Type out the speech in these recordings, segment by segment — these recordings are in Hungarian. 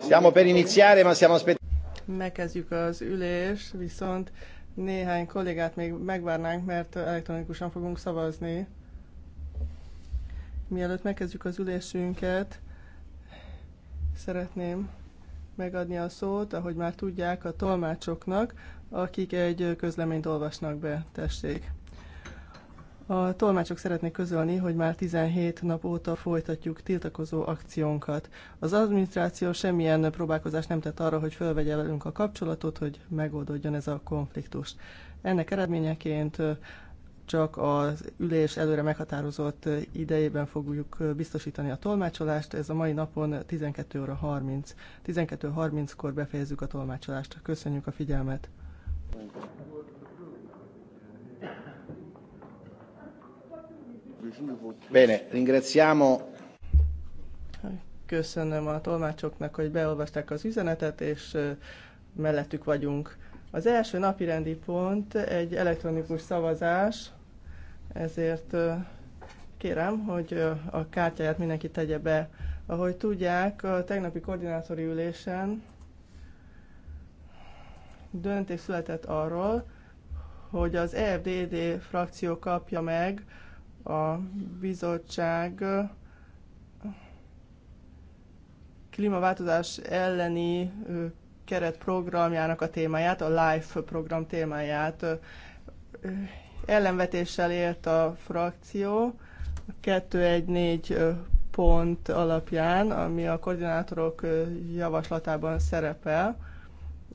Siamo per iniziare, ma siamo aspettati. Megkezdjük az ülés, viszont néhány kollégát még megvárnánk, mert elektronikusan fogunk szavazni. Mielőtt megkezdjük az ülésünket, szeretném megadni a szót, ahogy már tudják, a tolmácsoknak, akik egy közleményt olvasnak be. Tessék! A tolmácsok szeretnék közölni, hogy már 17 nap óta folytatjuk tiltakozó akciónkat. Az adminisztráció semmilyen próbálkozást nem tett arra, hogy fölvegye velünk a kapcsolatot, hogy megoldódjon ez a konfliktus. Ennek eredményeként csak az ülés előre meghatározott idejében fogjuk biztosítani a tolmácsolást. Ez a mai napon 12 óra 30. 12.30-kor befejezzük a tolmácsolást. Köszönjük a figyelmet! Thank you. Bene, ringraziamo. Köszönöm a tolmácsoknak, hogy beolvasták az üzenetet, és mellettük vagyunk. Az első napi rendi pont egy elektronikus szavazás, ezért kérem, hogy a kártyáját mindenki tegye be. Ahogy tudják, a tegnapi koordinátori ülésen döntés született arról, hogy az EFDD e frakció kapja meg a bizottság klímaváltozás elleni keretprogramjának a témáját, a LIFE program témáját ellenvetéssel élt a frakció 214 pont alapján, ami a koordinátorok javaslatában szerepel.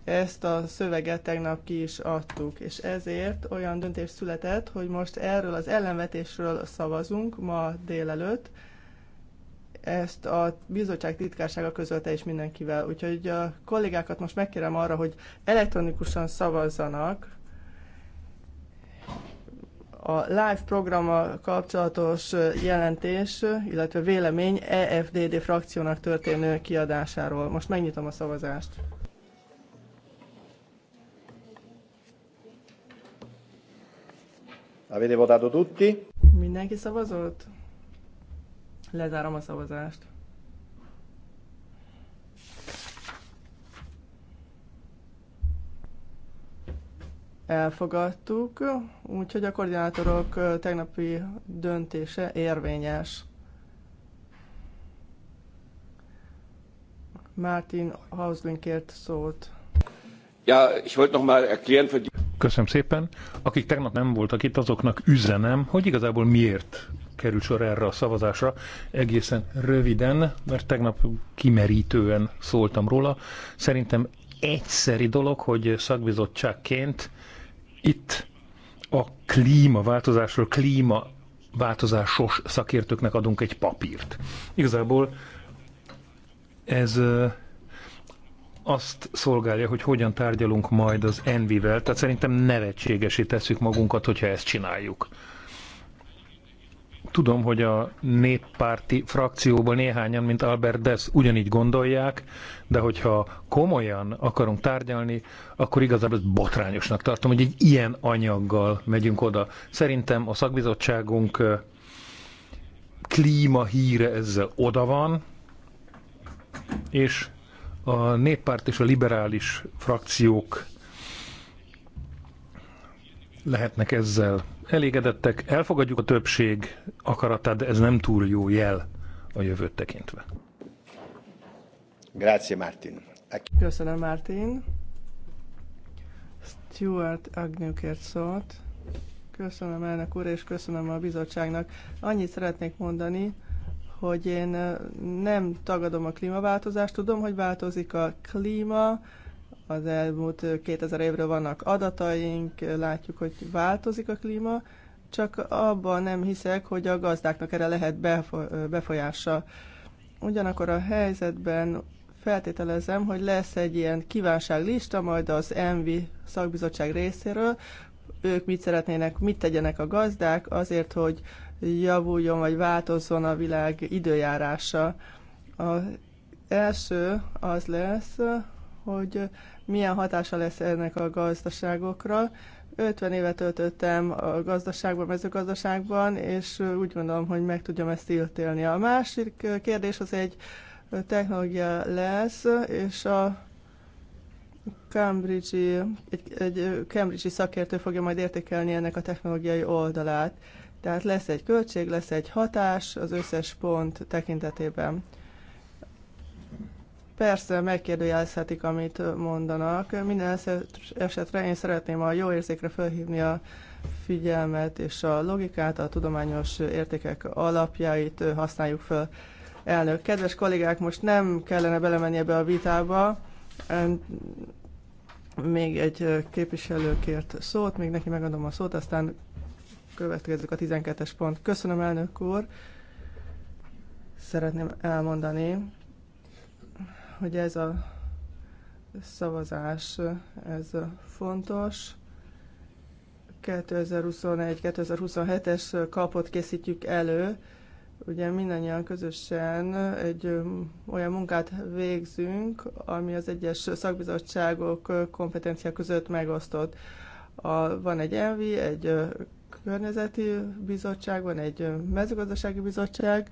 Ezt a szöveget tegnap ki is adtuk, és ezért olyan döntés született, hogy most erről az ellenvetésről szavazunk ma délelőtt. Ezt a bizottság titkársága közölte is mindenkivel. Úgyhogy a kollégákat most megkérem arra, hogy elektronikusan szavazzanak, a live programmal kapcsolatos jelentés, illetve vélemény EFDD frakciónak történő kiadásáról. Most megnyitom a szavazást. Avete votato tutti? Mindenki szavazott? Lezárom a szavazást. Elfogadtuk, úgyhogy a koordinátorok tegnapi döntése érvényes. Martin Hausling kért szót. Ja, ich wollte noch mal erklären für die Köszönöm szépen. Akik tegnap nem voltak itt, azoknak üzenem, hogy igazából miért kerül sor erre a szavazásra. Egészen röviden, mert tegnap kimerítően szóltam róla. Szerintem egyszeri dolog, hogy szakbizottságként itt a klímaváltozásról, klímaváltozásos szakértőknek adunk egy papírt. Igazából ez azt szolgálja, hogy hogyan tárgyalunk majd az Envivel, tehát szerintem nevetségesé tesszük magunkat, hogyha ezt csináljuk. Tudom, hogy a néppárti frakcióban néhányan, mint Albert Dess, ugyanígy gondolják, de hogyha komolyan akarunk tárgyalni, akkor igazából ezt botrányosnak tartom, hogy egy ilyen anyaggal megyünk oda. Szerintem a szakbizottságunk híre ezzel oda van, és a néppárt és a liberális frakciók lehetnek ezzel elégedettek. Elfogadjuk a többség akaratát, de ez nem túl jó jel a jövőt tekintve. Grazie, Martin. Köszönöm, Martin. Stuart Agnew szót. Köszönöm elnök úr, és köszönöm a bizottságnak. Annyit szeretnék mondani, hogy én nem tagadom a klímaváltozást, tudom, hogy változik a klíma, az elmúlt 2000 évről vannak adataink, látjuk, hogy változik a klíma, csak abban nem hiszek, hogy a gazdáknak erre lehet befolyása. Ugyanakkor a helyzetben feltételezem, hogy lesz egy ilyen kívánságlista majd az ENVI szakbizottság részéről, ők mit szeretnének, mit tegyenek a gazdák azért, hogy javuljon vagy változzon a világ időjárása. Az első az lesz, hogy milyen hatása lesz ennek a gazdaságokra. 50 évet töltöttem a gazdaságban, mezőgazdaságban, és úgy gondolom, hogy meg tudjam ezt ítélni. A másik kérdés az egy technológia lesz, és a Cambridge-i, egy, egy Cambridge-i szakértő fogja majd értékelni ennek a technológiai oldalát. Tehát lesz egy költség, lesz egy hatás az összes pont tekintetében. Persze megkérdőjelezhetik, amit mondanak. Minden esetre én szeretném a jó érzékre felhívni a figyelmet és a logikát, a tudományos értékek alapjait használjuk fel. Elnök, kedves kollégák, most nem kellene belemenni ebbe a vitába. Még egy képviselő kért szót, még neki megadom a szót, aztán Következik a 12-es pont. Köszönöm, elnök úr. Szeretném elmondani, hogy ez a szavazás, ez fontos. 2021-2027-es kapot készítjük elő. Ugye mindannyian közösen egy olyan munkát végzünk, ami az egyes szakbizottságok kompetencia között megosztott. A, van egy ENVI, egy környezeti bizottság, van egy mezőgazdasági bizottság,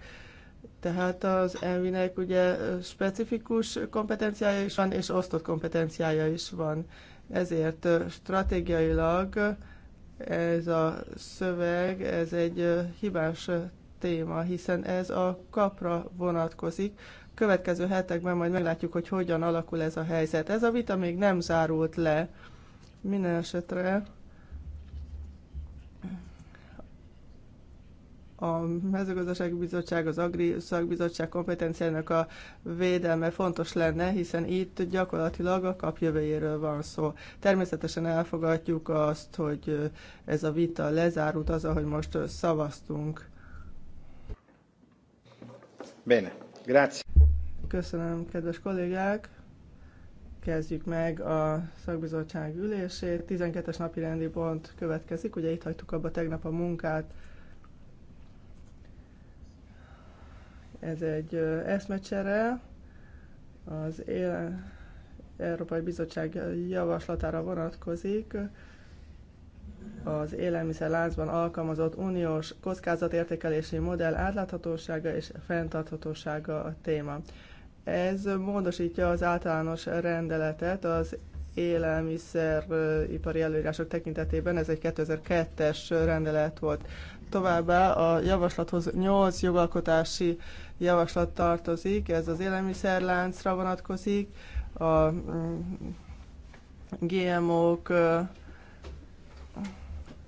tehát az elvinek ugye specifikus kompetenciája is van, és osztott kompetenciája is van. Ezért stratégiailag ez a szöveg, ez egy hibás téma, hiszen ez a kapra vonatkozik. Következő hetekben majd meglátjuk, hogy hogyan alakul ez a helyzet. Ez a vita még nem zárult le. Minden esetre a mezőgazdasági bizottság, az agri szakbizottság kompetenciának a védelme fontos lenne, hiszen itt gyakorlatilag a kap jövőjéről van szó. Természetesen elfogadjuk azt, hogy ez a vita lezárult az, ahogy most szavaztunk. Bene, grazie. Köszönöm, kedves kollégák! Kezdjük meg a szakbizottság ülését. 12-es napi rendi pont következik, ugye itt hagytuk abba tegnap a munkát, Ez egy eszmecsere az Éle Európai Bizottság javaslatára vonatkozik az láncban alkalmazott uniós kockázatértékelési modell átláthatósága és fenntarthatósága a téma. Ez módosítja az általános rendeletet az élelmiszeripari előírások tekintetében, ez egy 2002-es rendelet volt. Továbbá a javaslathoz 8 jogalkotási javaslat tartozik, ez az élelmiszerláncra vonatkozik, a mm, GMO-k,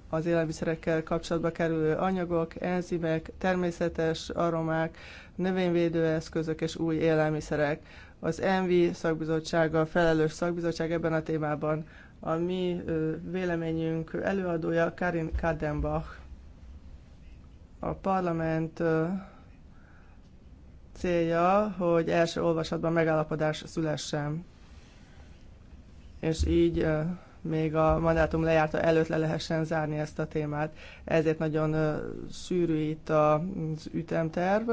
az élelmiszerekkel kapcsolatba kerülő anyagok, enzimek, természetes aromák, növényvédőeszközök és új élelmiszerek. Az ENVI szakbizottsága, a felelős szakbizottság ebben a témában a mi véleményünk előadója Karin Kadenbach. A parlament célja, hogy első olvasatban megállapodás szülessen. És így még a mandátum lejárta előtt le lehessen zárni ezt a témát. Ezért nagyon sűrű itt az ütemterv.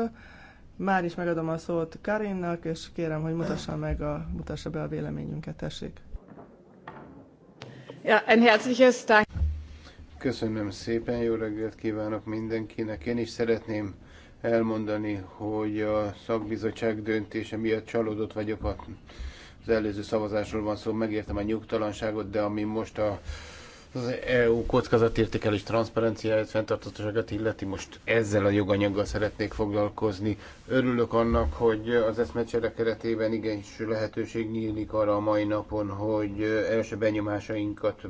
Már is megadom a szót Karinnak, és kérem, hogy mutassa, meg a, mutassa be a véleményünket, tessék. Ja, ein herzliches Dank. Köszönöm szépen, jó reggelt kívánok mindenkinek. Én is szeretném elmondani, hogy a szakbizottság döntése miatt csalódott vagyok. Az előző szavazásról van szó, megértem a nyugtalanságot, de ami most a az EU kockázatértékelés transzparenciáját, fenntartatóságát illeti, most ezzel a joganyaggal szeretnék foglalkozni. Örülök annak, hogy az eszmecsere keretében igenis lehetőség nyílik arra a mai napon, hogy első benyomásainkat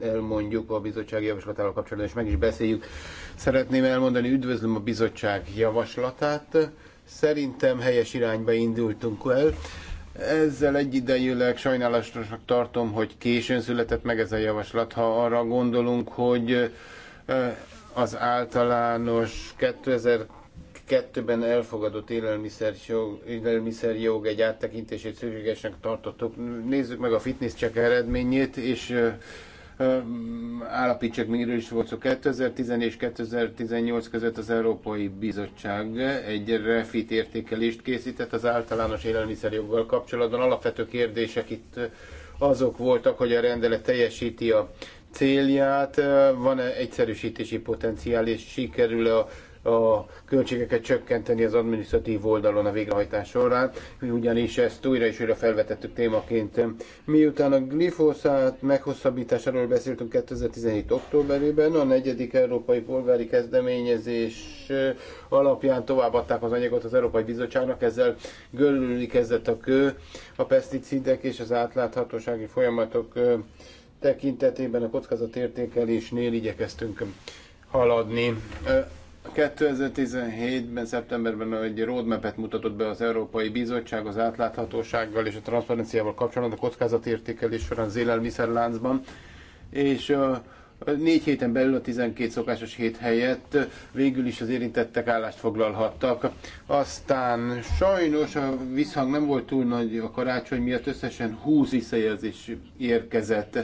elmondjuk a bizottság javaslatával kapcsolatban, és meg is beszéljük. Szeretném elmondani, üdvözlöm a bizottság javaslatát. Szerintem helyes irányba indultunk el ezzel egyidejűleg sajnálatosnak tartom, hogy későn született meg ez a javaslat, ha arra gondolunk, hogy az általános 2002-ben elfogadott élelmiszerjog, élelmiszerjog egy áttekintését szükségesnek tartottuk. Nézzük meg a fitness check eredményét, és állapítsak, miről is volt szó. 2010 és 2018 között az Európai Bizottság egy refit értékelést készített az általános élelmiszerjoggal kapcsolatban. Alapvető kérdések itt azok voltak, hogy a rendelet teljesíti a célját, van-e egyszerűsítési potenciál, és sikerül a a költségeket csökkenteni az administratív oldalon a végrehajtás során, ugyanis ezt újra és újra felvetettük témaként. Miután a glifoszát meghosszabbításáról beszéltünk 2017. októberében, a negyedik európai polgári kezdeményezés alapján továbbadták az anyagot az Európai Bizottságnak, ezzel görülni kezdett a kő, a peszticidek és az átláthatósági folyamatok tekintetében a kockázatértékelésnél igyekeztünk haladni. 2017-ben, szeptemberben egy roadmap-et mutatott be az Európai Bizottság az átláthatósággal és a transzparenciával kapcsolatban a kockázatértékelés során az élelmiszerláncban, és Négy héten belül a 12 szokásos hét helyett végül is az érintettek állást foglalhattak. Aztán sajnos a visszhang nem volt túl nagy a karácsony miatt, összesen 20 visszajelzés érkezett.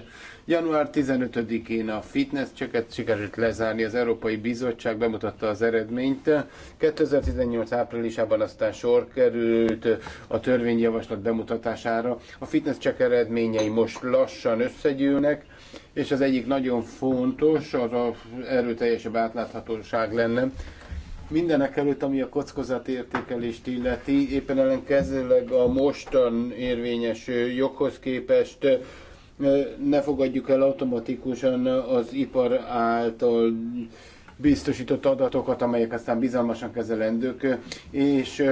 Január 15-én a fitness cseket sikerült lezárni, az Európai Bizottság bemutatta az eredményt. 2018 áprilisában aztán sor került a törvényjavaslat bemutatására. A fitness csek eredményei most lassan összegyűlnek és az egyik nagyon fontos, az a erőteljesebb átláthatóság lenne. Mindenek előtt, ami a értékelést illeti, éppen ellenkezőleg a mostan érvényes joghoz képest ne fogadjuk el automatikusan az ipar által biztosított adatokat, amelyek aztán bizalmasan kezelendők, és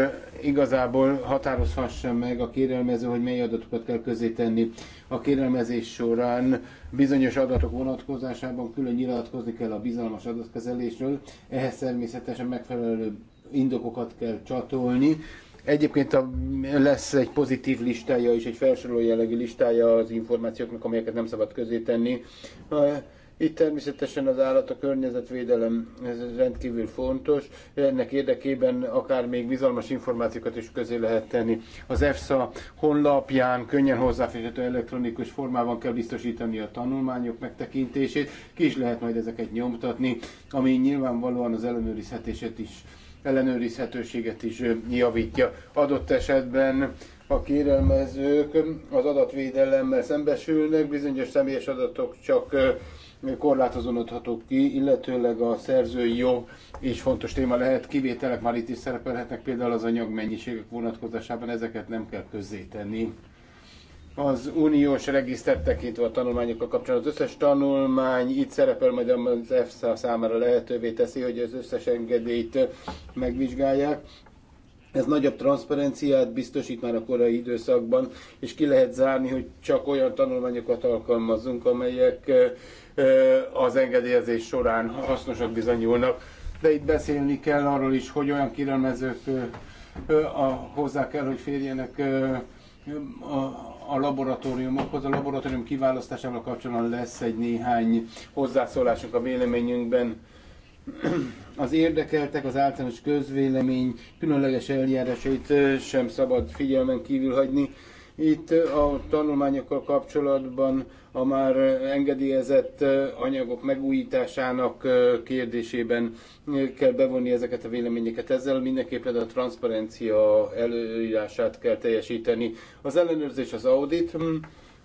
igazából határozhassa meg a kérelmező, hogy mely adatokat kell közé tenni. A kérelmezés során bizonyos adatok vonatkozásában külön nyilatkozni kell a bizalmas adatkezelésről, ehhez természetesen megfelelő indokokat kell csatolni, Egyébként a, lesz egy pozitív listája és egy felsoroló jellegű listája az információknak, amelyeket nem szabad közé tenni. Itt természetesen az állat a környezetvédelem ez rendkívül fontos, ennek érdekében akár még bizalmas információkat is közé lehet tenni. Az EFSA honlapján könnyen hozzáférhető elektronikus formában kell biztosítani a tanulmányok megtekintését, ki is lehet majd ezeket nyomtatni, ami nyilvánvalóan az ellenőrizhetését is ellenőrizhetőséget is javítja. Adott esetben a kérelmezők az adatvédelemmel szembesülnek, bizonyos személyes adatok csak korlátozódhatok ki, illetőleg a szerzői jog és fontos téma lehet, kivételek már itt is szerepelhetnek, például az anyagmennyiségek vonatkozásában ezeket nem kell közzétenni. Az uniós regisztert tekintve a tanulmányokkal kapcsolatban az összes tanulmány itt szerepel, majd az EFSA számára lehetővé teszi, hogy az összes engedélyt megvizsgálják. Ez nagyobb transzparenciát biztosít már a korai időszakban, és ki lehet zárni, hogy csak olyan tanulmányokat alkalmazzunk, amelyek az engedélyezés során hasznosak bizonyulnak. De itt beszélni kell arról is, hogy olyan a hozzá kell, hogy férjenek a laboratóriumokhoz. A laboratórium kiválasztásával kapcsolatban lesz egy néhány hozzászólásunk a véleményünkben. Az érdekeltek, az általános közvélemény különleges eljárásait sem szabad figyelmen kívül hagyni itt a tanulmányokkal kapcsolatban a már engedélyezett anyagok megújításának kérdésében kell bevonni ezeket a véleményeket. Ezzel mindenképpen a transzparencia előírását kell teljesíteni. Az ellenőrzés az audit, hm,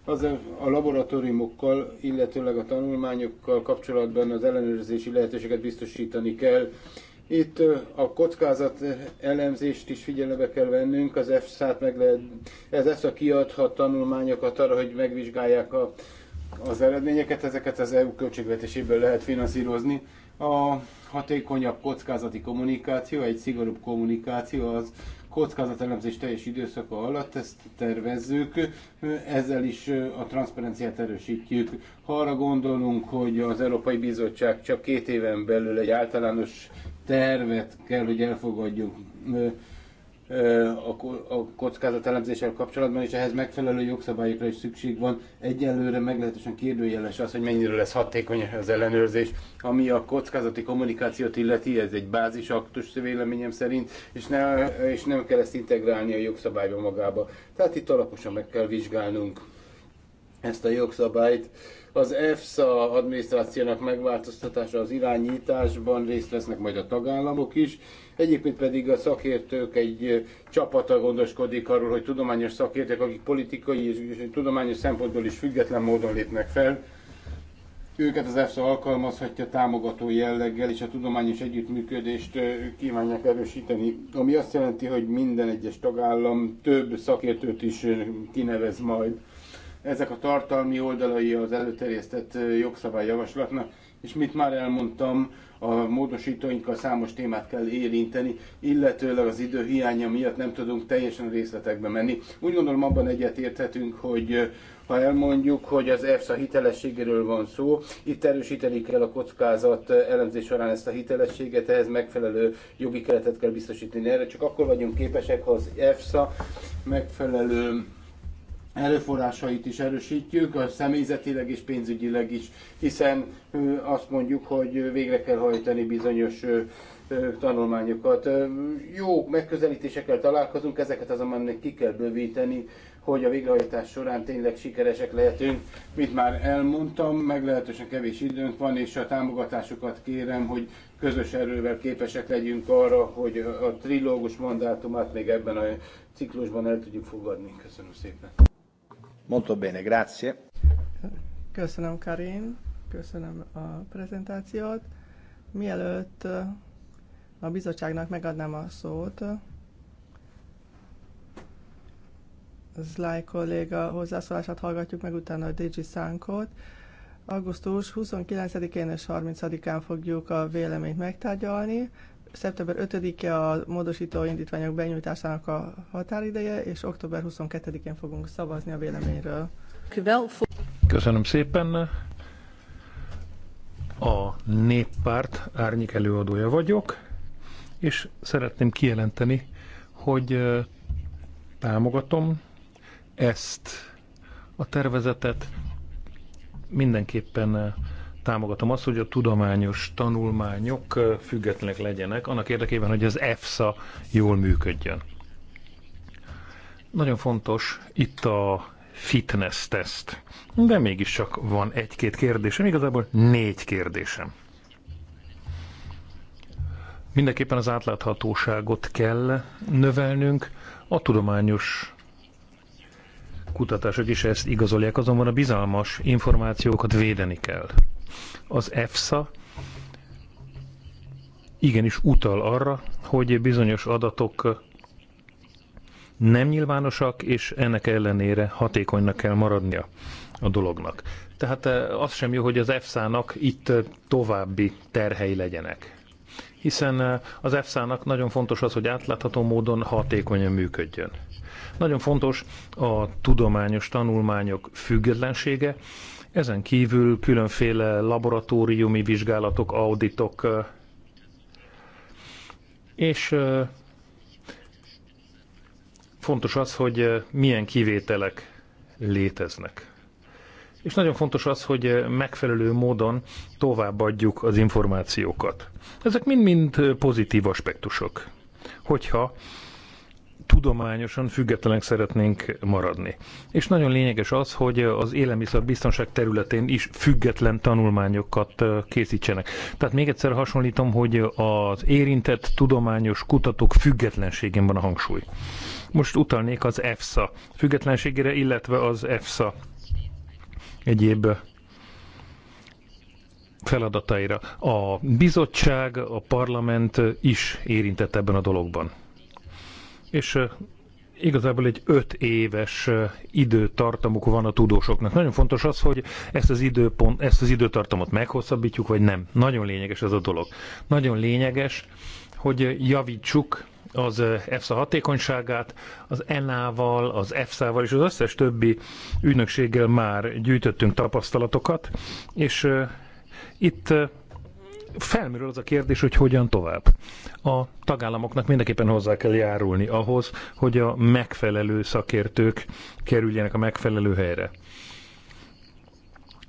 az a laboratóriumokkal, illetőleg a tanulmányokkal kapcsolatban az ellenőrzési lehetőséget biztosítani kell itt a kockázat elemzést is figyelembe kell vennünk, az EFSA-t meg lehet, ez EFSA kiadhat tanulmányokat arra, hogy megvizsgálják a, az eredményeket, ezeket az EU költségvetéséből lehet finanszírozni. A hatékonyabb kockázati kommunikáció, egy szigorúbb kommunikáció az kockázatelemzés teljes időszaka alatt, ezt tervezzük, ezzel is a transzparenciát erősítjük. Ha arra gondolunk, hogy az Európai Bizottság csak két éven belül egy általános tervet kell, hogy elfogadjunk a kockázatelemzéssel kapcsolatban, és ehhez megfelelő jogszabályokra is szükség van. Egyelőre meglehetősen kérdőjeles az, hogy mennyire lesz hatékony az ellenőrzés. Ami a kockázati kommunikációt illeti, ez egy bázisaktus véleményem szerint, és, ne, és nem kell ezt integrálni a jogszabályba magába. Tehát itt alaposan meg kell vizsgálnunk ezt a jogszabályt az EFSA adminisztrációnak megváltoztatása az irányításban részt vesznek majd a tagállamok is. Egyébként pedig a szakértők egy csapata gondoskodik arról, hogy tudományos szakértők, akik politikai és tudományos szempontból is független módon lépnek fel, őket az EFSA alkalmazhatja támogató jelleggel, és a tudományos együttműködést kívánják erősíteni, ami azt jelenti, hogy minden egyes tagállam több szakértőt is kinevez majd. Ezek a tartalmi oldalai az előterjesztett jogszabályjavaslatnak, és mit már elmondtam, a módosítóinkkal számos témát kell érinteni, illetőleg az idő hiánya miatt nem tudunk teljesen részletekbe menni. Úgy gondolom abban egyetérthetünk, hogy ha elmondjuk, hogy az EFSA hitelességéről van szó, itt erősíteni kell a kockázat elemzés során ezt a hitelességet, ehhez megfelelő jogi keretet kell biztosítani. Erre csak akkor vagyunk képesek, ha az EFSA megfelelő erőforrásait is erősítjük, a személyzetileg és pénzügyileg is, hiszen azt mondjuk, hogy végre kell hajtani bizonyos tanulmányokat. Jó megközelítésekkel találkozunk, ezeket azonban még ki kell bővíteni, hogy a végrehajtás során tényleg sikeresek lehetünk. Mit már elmondtam, meglehetősen kevés időnk van, és a támogatásokat kérem, hogy közös erővel képesek legyünk arra, hogy a trilógus mandátumát még ebben a ciklusban el tudjuk fogadni. Köszönöm szépen. Molto bene, grazie. Köszönöm, Karin. Köszönöm a prezentációt. Mielőtt a bizottságnak megadnám a szót, Zláj kolléga hozzászólását hallgatjuk meg, utána a DG Szánkot. Augusztus 29-én és 30-án fogjuk a véleményt megtárgyalni szeptember 5-e a módosító indítványok benyújtásának a határideje, és október 22-én fogunk szavazni a véleményről. Köszönöm szépen. A néppárt árnyék előadója vagyok, és szeretném kijelenteni, hogy támogatom ezt a tervezetet. Mindenképpen támogatom azt, hogy a tudományos tanulmányok függetlenek legyenek, annak érdekében, hogy az EFSA jól működjön. Nagyon fontos itt a fitness teszt, de mégiscsak van egy-két kérdésem, igazából négy kérdésem. Mindenképpen az átláthatóságot kell növelnünk, a tudományos kutatások is ezt igazolják, azonban a bizalmas információkat védeni kell az EFSA igenis utal arra, hogy bizonyos adatok nem nyilvánosak, és ennek ellenére hatékonynak kell maradnia a dolognak. Tehát eh, az sem jó, hogy az EFSA-nak itt eh, további terhei legyenek. Hiszen eh, az EFSA-nak nagyon fontos az, hogy átlátható módon hatékonyan működjön. Nagyon fontos a tudományos tanulmányok függetlensége, ezen kívül különféle laboratóriumi vizsgálatok, auditok, és fontos az, hogy milyen kivételek léteznek. És nagyon fontos az, hogy megfelelő módon továbbadjuk az információkat. Ezek mind-mind pozitív aspektusok. Hogyha tudományosan függetlenek szeretnénk maradni. És nagyon lényeges az, hogy az élelmiszerbiztonság területén is független tanulmányokat készítsenek. Tehát még egyszer hasonlítom, hogy az érintett tudományos kutatók függetlenségén van a hangsúly. Most utalnék az EFSA függetlenségére, illetve az EFSA egyéb feladataira. A bizottság, a parlament is érintett ebben a dologban. És igazából egy öt éves időtartamuk van a tudósoknak. Nagyon fontos az, hogy ezt az, időpont, ezt az időtartamot meghosszabbítjuk, vagy nem. Nagyon lényeges ez a dolog. Nagyon lényeges, hogy javítsuk az EFSA hatékonyságát, az ENA-val, az EFSA-val és az összes többi ügynökséggel már gyűjtöttünk tapasztalatokat, és itt felmerül az a kérdés, hogy hogyan tovább. A tagállamoknak mindenképpen hozzá kell járulni ahhoz, hogy a megfelelő szakértők kerüljenek a megfelelő helyre.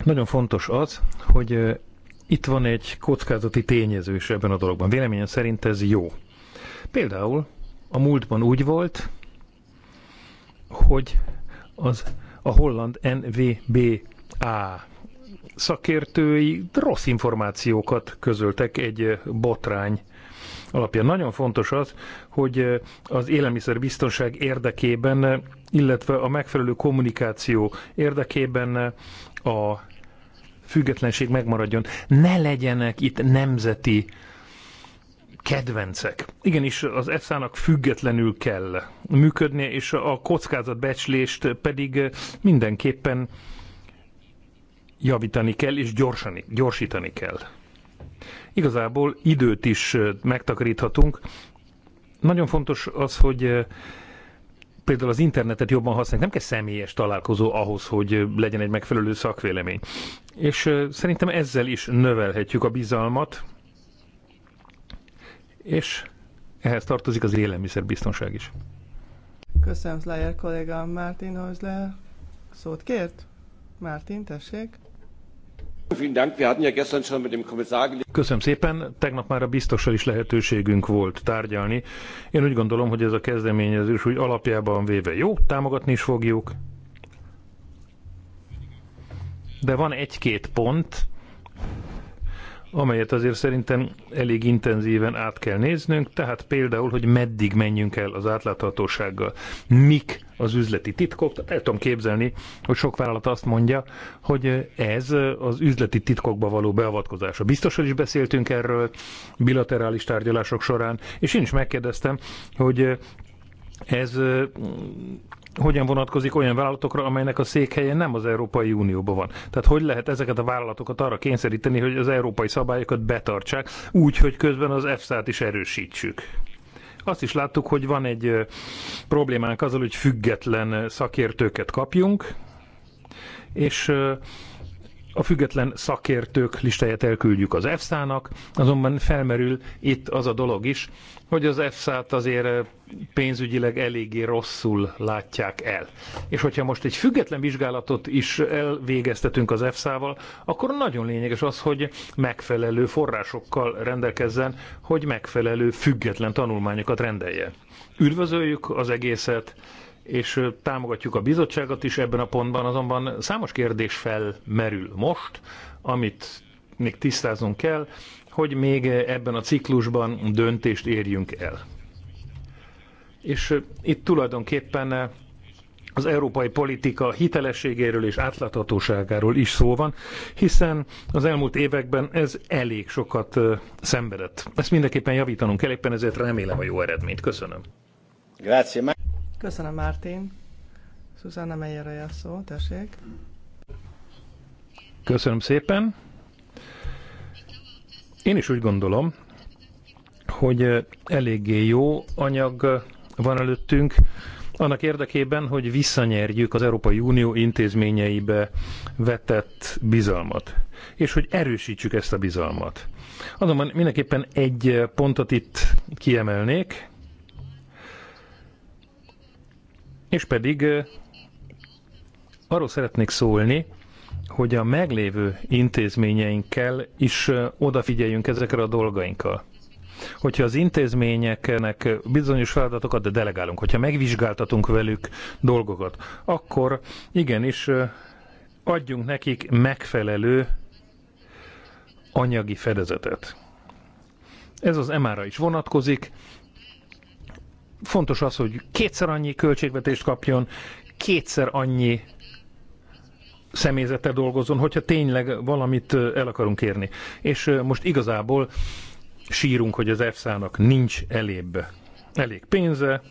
Nagyon fontos az, hogy itt van egy kockázati tényező is ebben a dologban. Véleményem szerint ez jó. Például a múltban úgy volt, hogy az a holland NVBA szakértői rossz információkat közöltek egy botrány alapján. Nagyon fontos az, hogy az élelmiszerbiztonság érdekében, illetve a megfelelő kommunikáció érdekében a függetlenség megmaradjon. Ne legyenek itt nemzeti kedvencek. Igenis, az EFSA-nak függetlenül kell működnie, és a kockázatbecslést pedig mindenképpen javítani kell, és gyorsani, gyorsítani kell. Igazából időt is megtakaríthatunk. Nagyon fontos az, hogy például az internetet jobban használjuk. nem kell személyes találkozó ahhoz, hogy legyen egy megfelelő szakvélemény. És szerintem ezzel is növelhetjük a bizalmat, és ehhez tartozik az élelmiszerbiztonság is. Köszönöm, Slayer kolléga Mártin Hozler. Szót kért? Mártin, tessék. Köszönöm szépen. Tegnap már a biztossal is lehetőségünk volt tárgyalni. Én úgy gondolom, hogy ez a kezdeményezés úgy alapjában véve jó, támogatni is fogjuk. De van egy-két pont, amelyet azért szerintem elég intenzíven át kell néznünk, tehát például, hogy meddig menjünk el az átláthatósággal, mik az üzleti titkok, tehát el tudom képzelni, hogy sok vállalat azt mondja, hogy ez az üzleti titkokba való beavatkozása. Biztos, hogy is beszéltünk erről bilaterális tárgyalások során, és én is megkérdeztem, hogy ez hogyan vonatkozik olyan vállalatokra, amelynek a székhelye nem az Európai Unióban van. Tehát hogy lehet ezeket a vállalatokat arra kényszeríteni, hogy az európai szabályokat betartsák, úgy, hogy közben az EFSA-t is erősítsük. Azt is láttuk, hogy van egy problémánk azzal, hogy független szakértőket kapjunk, és a független szakértők listáját elküldjük az EFSA-nak, azonban felmerül itt az a dolog is, hogy az EFSA-t azért eh, pénzügyileg eléggé rosszul látják el. És hogyha most egy független vizsgálatot is elvégeztetünk az EFSA-val, akkor nagyon lényeges az, hogy megfelelő forrásokkal rendelkezzen, hogy megfelelő független tanulmányokat rendelje. Üdvözöljük az egészet, és támogatjuk a bizottságot is ebben a pontban, azonban számos kérdés felmerül most, amit még tisztázunk kell, hogy még ebben a ciklusban döntést érjünk el. És itt tulajdonképpen az európai politika hitelességéről és átláthatóságáról is szó van, hiszen az elmúlt években ez elég sokat szenvedett. Ezt mindenképpen javítanunk kell, éppen ezért remélem a jó eredményt. Köszönöm. Grazie. Köszönöm, Mártin. Szuzanna Meyer a szó, tessék. Köszönöm szépen. Én is úgy gondolom, hogy eh, eléggé jó anyag eh, van előttünk, annak érdekében, hogy visszanyerjük az Európai Unió intézményeibe vetett bizalmat, és hogy erősítsük ezt a bizalmat. Azonban mindenképpen egy eh, pontot itt kiemelnék, És pedig arról szeretnék szólni, hogy a meglévő intézményeinkkel is odafigyeljünk ezekre a dolgainkkal. Hogyha az intézményeknek bizonyos feladatokat de delegálunk, hogyha megvizsgáltatunk velük dolgokat, akkor igenis adjunk nekik megfelelő anyagi fedezetet. Ez az emára is vonatkozik, Fontos az, hogy kétszer annyi költségvetést kapjon, kétszer annyi személyzettel dolgozzon, hogyha tényleg valamit el akarunk érni. És most igazából sírunk, hogy az EFSA-nak nincs elébb, elég pénze,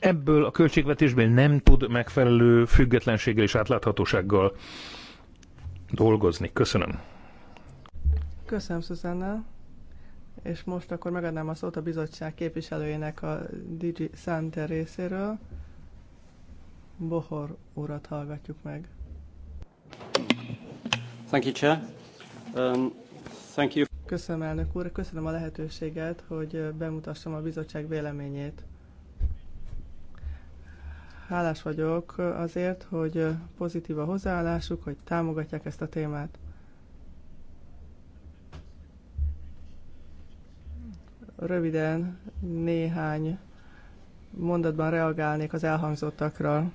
ebből a költségvetésből nem tud megfelelő függetlenséggel és átláthatósággal dolgozni. Köszönöm. Köszönöm, Szuzanna. És most akkor megadnám a szót a bizottság képviselőjének a Digi Center részéről. Bohor urat hallgatjuk meg. Thank you, Chair. Um, thank you. Köszönöm, elnök úr. Köszönöm a lehetőséget, hogy bemutassam a bizottság véleményét. Hálás vagyok azért, hogy pozitív a hozzáállásuk, hogy támogatják ezt a témát. Röviden néhány mondatban reagálnék az elhangzottakra.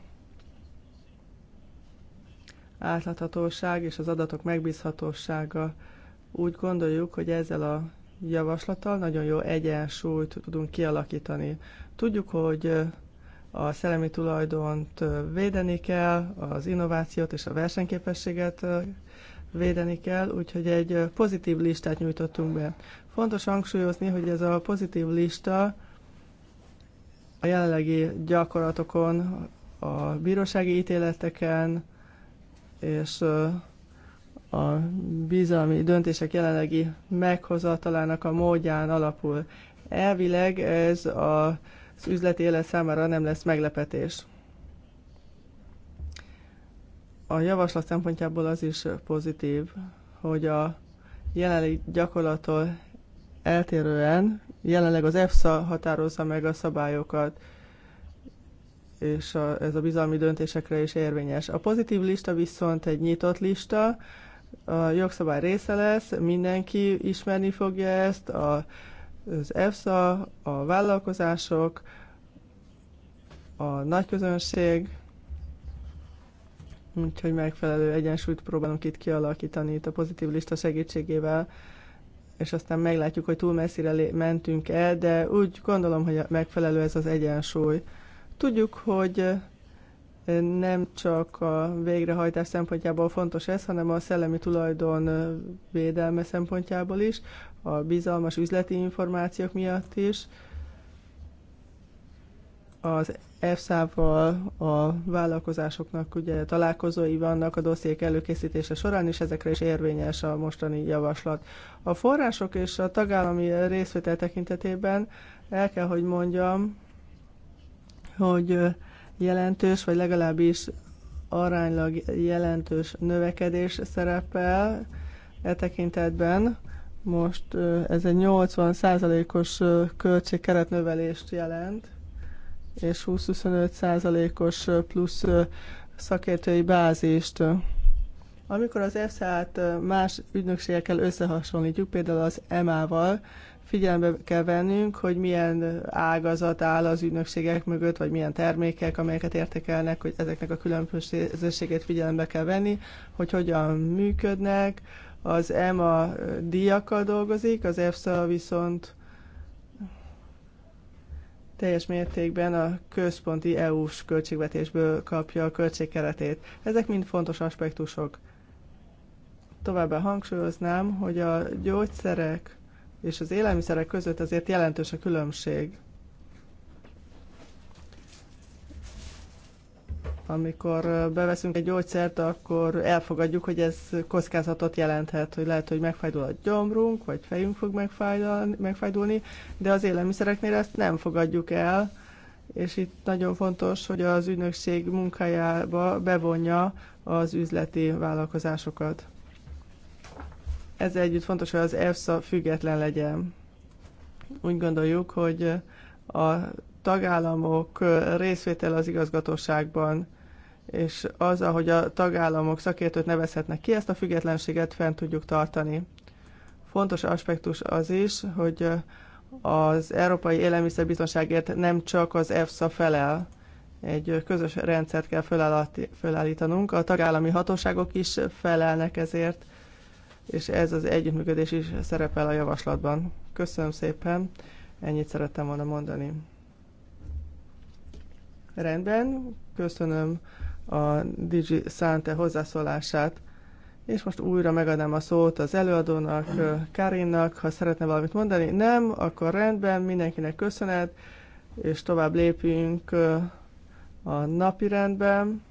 Átláthatóság és az adatok megbízhatósága. Úgy gondoljuk, hogy ezzel a javaslattal nagyon jó egyensúlyt tudunk kialakítani. Tudjuk, hogy a szellemi tulajdont védeni kell, az innovációt és a versenyképességet védeni kell, úgyhogy egy pozitív listát nyújtottunk be. Fontos hangsúlyozni, hogy ez a pozitív lista a jelenlegi gyakorlatokon, a bírósági ítéleteken és a bizalmi döntések jelenlegi meghozatalának a módján alapul. Elvileg ez a az üzleti élet számára nem lesz meglepetés. A javaslat szempontjából az is pozitív, hogy a jelenlegi gyakorlattól eltérően jelenleg az EFSA határozza meg a szabályokat, és a, ez a bizalmi döntésekre is érvényes. A pozitív lista viszont egy nyitott lista, a jogszabály része lesz, mindenki ismerni fogja ezt, a, az EFSA, a vállalkozások, a nagyközönség, úgyhogy megfelelő egyensúlyt próbálunk itt kialakítani itt a pozitív lista segítségével és aztán meglátjuk, hogy túl messzire mentünk el, de úgy gondolom, hogy megfelelő ez az egyensúly. Tudjuk, hogy eh, nem csak a végrehajtás szempontjából fontos ez, hanem a szellemi tulajdon eh, védelme szempontjából is, a bizalmas üzleti információk miatt is, az EFSA-val a vállalkozásoknak ugye találkozói vannak a dossziék előkészítése során, és ezekre is érvényes a mostani javaslat. A források és a tagállami részvétel tekintetében el kell, hogy mondjam, hogy jelentős, vagy legalábbis aránylag jelentős növekedés szerepel e tekintetben. Most ez egy 80 os költségkeretnövelést jelent, és 20-25 százalékos plusz szakértői bázist. Amikor az EFSA-t más ügynökségekkel összehasonlítjuk, például az EMA-val, figyelembe kell vennünk, hogy milyen ágazat áll az ügynökségek mögött, vagy milyen termékek, amelyeket értékelnek, hogy ezeknek a különbözőségét figyelembe kell venni, hogy hogyan működnek. Az EMA díjakkal dolgozik, az EFSA viszont teljes mértékben a központi EU-s költségvetésből kapja a költségkeretét. Ezek mind fontos aspektusok. Továbbá hangsúlyoznám, hogy a gyógyszerek és az élelmiszerek között azért jelentős a különbség. Amikor beveszünk egy gyógyszert, akkor elfogadjuk, hogy ez kockázatot jelenthet, hogy lehet, hogy megfájdul a gyomrunk, vagy fejünk fog megfájdulni, de az élelmiszereknél ezt nem fogadjuk el, és itt nagyon fontos, hogy az ügynökség munkájába bevonja az üzleti vállalkozásokat. Ez együtt fontos, hogy az EFSA független legyen. Úgy gondoljuk, hogy a tagállamok részvétel az igazgatóságban, és az, ahogy a tagállamok szakértőt nevezhetnek ki, ezt a függetlenséget fent tudjuk tartani. Fontos aspektus az is, hogy az Európai Élelmiszerbiztonságért nem csak az EFSA felel, egy közös rendszert kell felállítanunk. A tagállami hatóságok is felelnek ezért, és ez az együttműködés is szerepel a javaslatban. Köszönöm szépen, ennyit szerettem volna mondani. Rendben, köszönöm a Digi Sante hozzászólását. És most újra megadnám a szót az előadónak, Karinnak, ha szeretne valamit mondani. Nem, akkor rendben, mindenkinek köszönet, és tovább lépünk a napi rendben.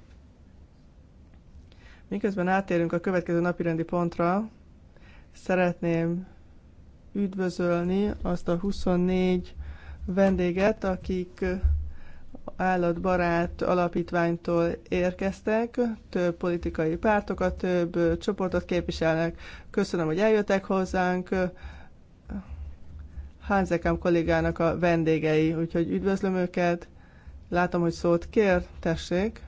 Miközben átérünk a következő napi rendi pontra, szeretném üdvözölni azt a 24 vendéget, akik állatbarát alapítványtól érkeztek, több politikai pártokat, több csoportot képviselnek. Köszönöm, hogy eljöttek hozzánk. Hánzekám kollégának a vendégei, úgyhogy üdvözlöm őket. Látom, hogy szót kér, tessék.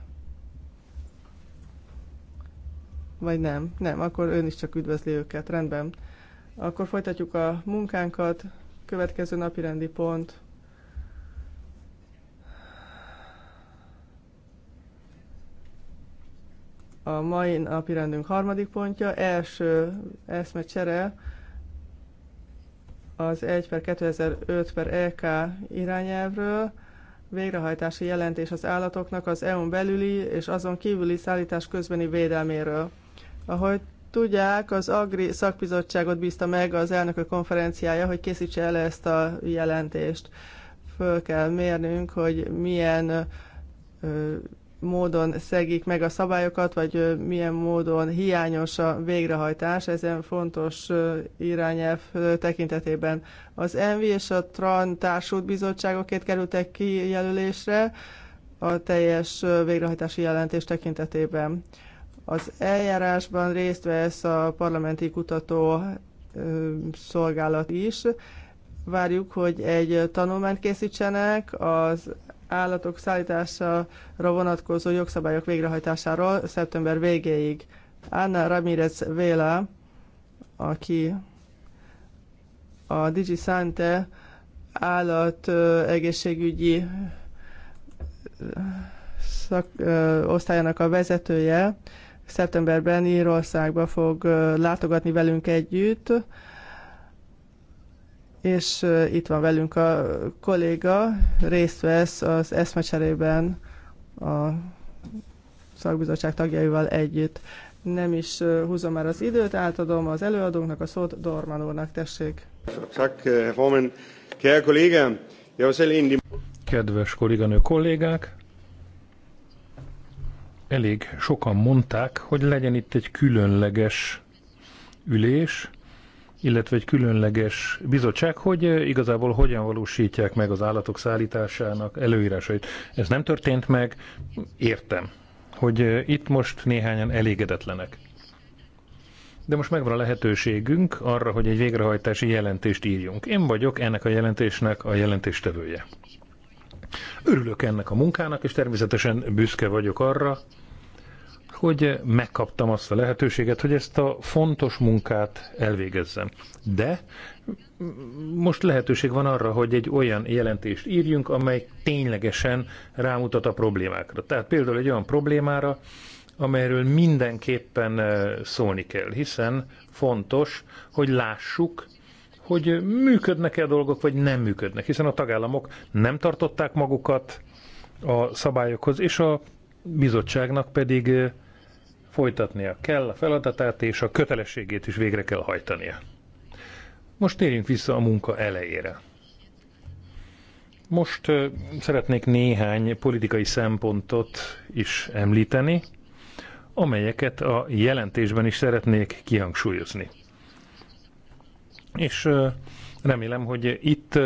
Vagy nem? Nem, akkor ön is csak üdvözli őket, rendben. Akkor folytatjuk a munkánkat. Következő napi rendi pont. a mai napi rendünk harmadik pontja, első eszmecsere az 1 per 2005 per EK irányelvről, végrehajtási jelentés az állatoknak az EU-n belüli és azon kívüli szállítás közbeni védelméről. Ahogy tudják, az Agri szakbizottságot bízta meg az elnökök konferenciája, hogy készítse el ezt a jelentést. Föl kell mérnünk, hogy milyen módon szegik meg a szabályokat, vagy milyen módon hiányos a végrehajtás ezen fontos irányelv tekintetében. Az ENVI és a TRAN társult bizottságokért kerültek ki jelölésre a teljes végrehajtási jelentés tekintetében. Az eljárásban részt vesz a parlamenti kutató szolgálat is. Várjuk, hogy egy tanulmányt készítsenek az állatok szállítására vonatkozó jogszabályok végrehajtásáról szeptember végéig. Anna Ramirez Véla, aki a Digi Sante állat egészségügyi szak, ö, osztályának a vezetője szeptemberben Írországba fog látogatni velünk együtt és itt van velünk a kolléga, részt vesz az eszmecserében a szakbizottság tagjaival együtt. Nem is húzom már az időt, átadom az előadónknak a szót, Dorman úrnak, tessék. Eh, Kedves kolléganő kollégák, elég sokan mondták, hogy legyen itt egy különleges ülés, illetve egy különleges bizottság, hogy eh, igazából hogyan valósítják meg az állatok szállításának előírásait. Ez nem történt meg, értem, hogy eh, itt most néhányan elégedetlenek. De most megvan a lehetőségünk arra, hogy egy végrehajtási jelentést írjunk. Én vagyok ennek a jelentésnek a jelentéstevője. Örülök ennek a munkának, és természetesen büszke vagyok arra, hogy megkaptam azt a lehetőséget, hogy ezt a fontos munkát elvégezzem. De most lehetőség van arra, hogy egy olyan jelentést írjunk, amely ténylegesen rámutat a problémákra. Tehát például egy olyan problémára, amelyről mindenképpen eh, szólni kell, hiszen fontos, hogy lássuk, hogy működnek-e a dolgok, vagy nem működnek, hiszen a tagállamok nem tartották magukat a szabályokhoz, és a bizottságnak pedig eh, folytatnia kell a feladatát, és a kötelességét is végre kell hajtania. Most térjünk vissza a munka elejére. Most szeretnék néhány politikai szempontot is említeni, amelyeket a jelentésben is szeretnék kihangsúlyozni. És remélem, hogy itt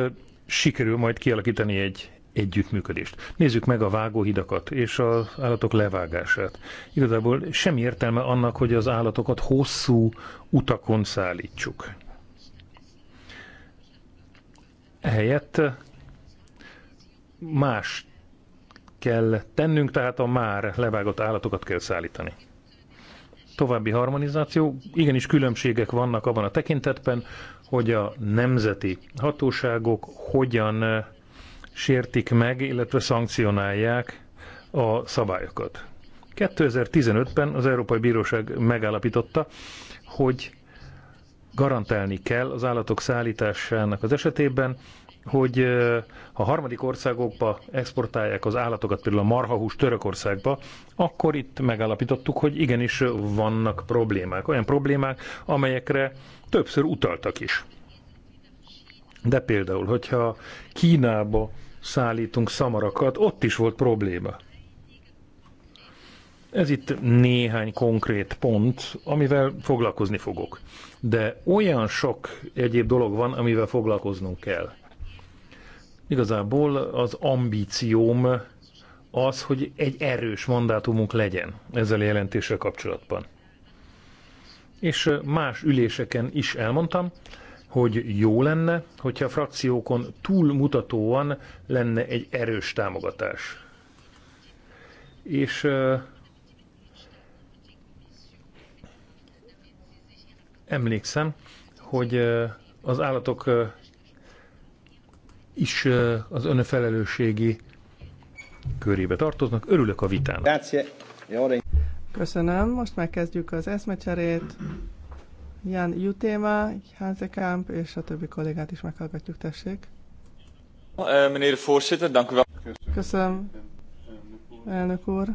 sikerül majd kialakítani egy együttműködést. Nézzük meg a vágóhidakat és az állatok levágását. Igazából semmi értelme annak, hogy az állatokat hosszú utakon szállítsuk. Ehelyett más kell tennünk, tehát a már levágott állatokat kell szállítani. További harmonizáció. Igenis különbségek vannak abban a tekintetben, hogy a nemzeti hatóságok hogyan sértik meg, illetve szankcionálják a szabályokat. 2015-ben az Európai Bíróság megállapította, hogy garantálni kell az állatok szállításának az esetében, hogy ha harmadik országokba exportálják az állatokat, például a marhahús Törökországba, akkor itt megállapítottuk, hogy igenis vannak problémák. Olyan problémák, amelyekre többször utaltak is. De például, hogyha Kínába szállítunk szamarakat, ott is volt probléma. Ez itt néhány konkrét pont, amivel foglalkozni fogok. De olyan sok egyéb dolog van, amivel foglalkoznunk kell. Igazából az ambícióm az, hogy egy erős mandátumunk legyen ezzel a jelentéssel kapcsolatban. És más üléseken is elmondtam, hogy jó lenne, hogyha a frakciókon túlmutatóan lenne egy erős támogatás. És uh, emlékszem, hogy uh, az állatok uh, is uh, az önfelelősségi körébe tartoznak. Örülök a vitának. Köszönöm, most megkezdjük az eszmecserét. Jan Jutéma, Kamp és a többi kollégát is meghallgatjuk, tessék. Eh, meneer de voorzitter, dank u wel. Köszönöm, elnök úr.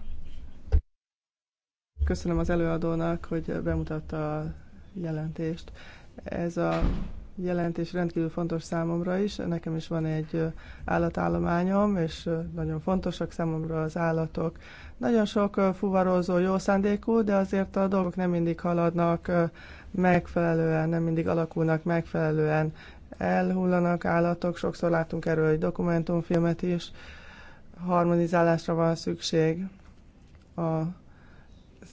Köszönöm az előadónak, hogy bemutatta a jelentést. Ez a jelentés rendkívül fontos számomra is. Nekem is van egy állatállományom, és nagyon fontosak számomra az állatok. Nagyon sok fuvarozó jó szándékú, de azért a dolgok nem mindig haladnak megfelelően, nem mindig alakulnak megfelelően, elhullanak állatok, sokszor látunk erről egy dokumentumfilmet is, harmonizálásra van szükség. A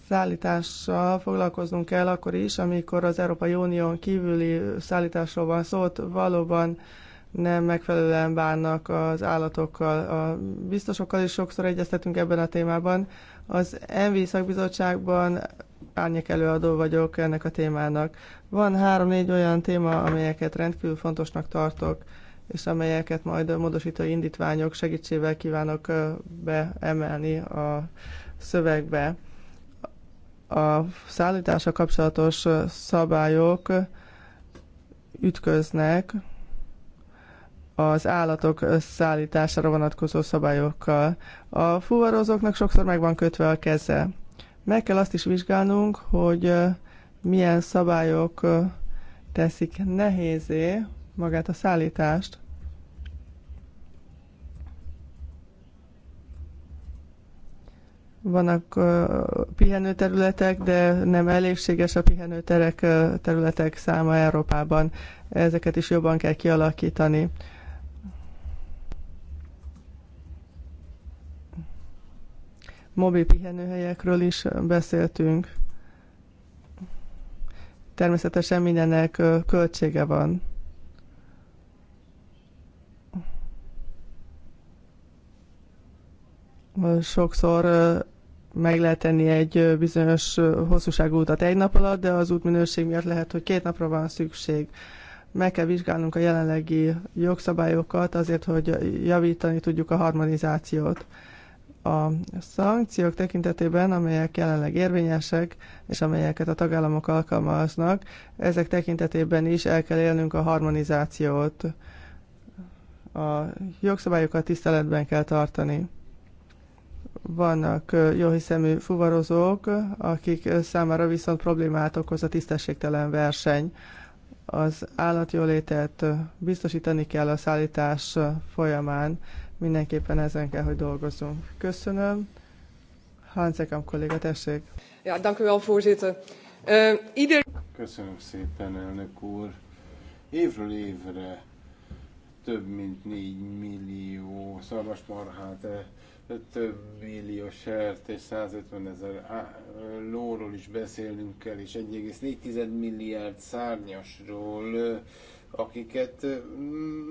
szállítással foglalkoznunk kell akkor is, amikor az Európai Unión kívüli szállításról van szó, valóban nem megfelelően bánnak az állatokkal. A biztosokkal is sokszor egyeztetünk ebben a témában. Az ENVI szakbizottságban árnyék előadó vagyok ennek a témának. Van három-négy olyan téma, amelyeket rendkívül fontosnak tartok, és amelyeket majd a módosító indítványok segítségével kívánok beemelni a szövegbe. A szállítása kapcsolatos szabályok ütköznek az állatok szállítására vonatkozó szabályokkal. A fuvarozóknak sokszor meg van kötve a keze. Meg kell azt is vizsgálnunk, hogy milyen szabályok teszik nehézé magát a szállítást. Vannak pihenőterületek, de nem elégséges a pihenőterek területek száma Európában. Ezeket is jobban kell kialakítani. mobil pihenőhelyekről is beszéltünk. Természetesen mindennek költsége van. Sokszor meg lehet tenni egy bizonyos hosszúságú utat egy nap alatt, de az útminőség miatt lehet, hogy két napra van szükség. Meg kell vizsgálnunk a jelenlegi jogszabályokat azért, hogy javítani tudjuk a harmonizációt a szankciók tekintetében, amelyek jelenleg érvényesek, és amelyeket a tagállamok alkalmaznak, ezek tekintetében is el kell élnünk a harmonizációt. A jogszabályokat tiszteletben kell tartani. Vannak jóhiszemű fuvarozók, akik számára viszont problémát okoz a tisztességtelen verseny. Az állatjólétet biztosítani kell a szállítás folyamán, Mindenképpen ezen kell, hogy dolgozzunk. Köszönöm. Hansekam kolléga, tessék. Ja, dank u wel, voorzitter. Uh, ieder... Köszönöm szépen, elnök úr. Évről évre több mint 4 millió marhát, eh, több millió sert és 150 ezer lóról is beszélnünk kell, és 1,4 milliárd szárnyasról eh, akiket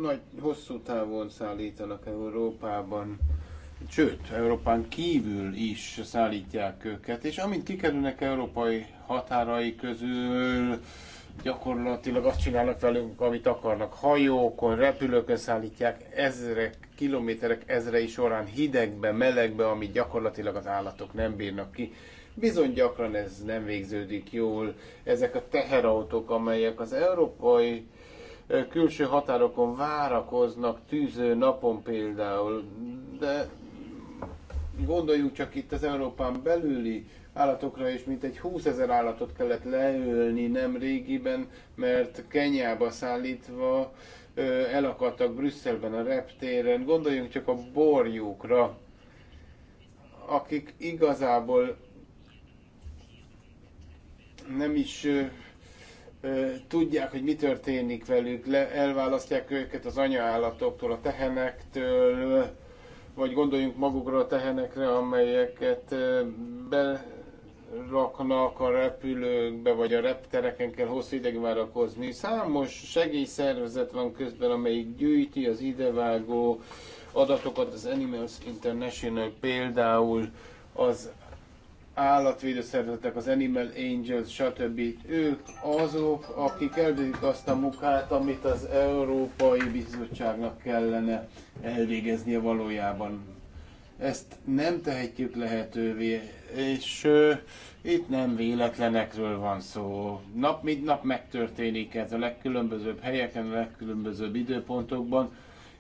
nagy hosszú távon szállítanak Európában, sőt, Európán kívül is szállítják őket, és amint kikerülnek európai határai közül, gyakorlatilag azt csinálnak velünk, amit akarnak. Hajókon, repülőkön szállítják ezrek, kilométerek ezrei során hidegbe, melegbe, amit gyakorlatilag az állatok nem bírnak ki. Bizony gyakran ez nem végződik jól. Ezek a teherautók, amelyek az európai külső határokon várakoznak tűző napon például, de gondoljunk csak itt az Európán belüli állatokra, és mint egy 20 ezer állatot kellett leölni nem régiben, mert Kenyába szállítva elakadtak Brüsszelben a reptéren. Gondoljunk csak a borjukra, akik igazából nem is tudják, hogy mi történik velük, le, elválasztják őket az anyaállatoktól, a tehenektől, vagy gondoljunk magukra a tehenekre, amelyeket beraknak a repülőkbe, vagy a reptereken kell hosszú ideig várakozni. Számos segélyszervezet van közben, amelyik gyűjti az idevágó adatokat, az Animals International például az állatvédő szervezetek, az Animal Angels, stb. Ők azok, akik elvégzik azt a munkát, amit az Európai Bizottságnak kellene elvégeznie valójában. Ezt nem tehetjük lehetővé, és ö, itt nem véletlenekről van szó. Nap mint nap megtörténik ez a legkülönbözőbb helyeken, a legkülönbözőbb időpontokban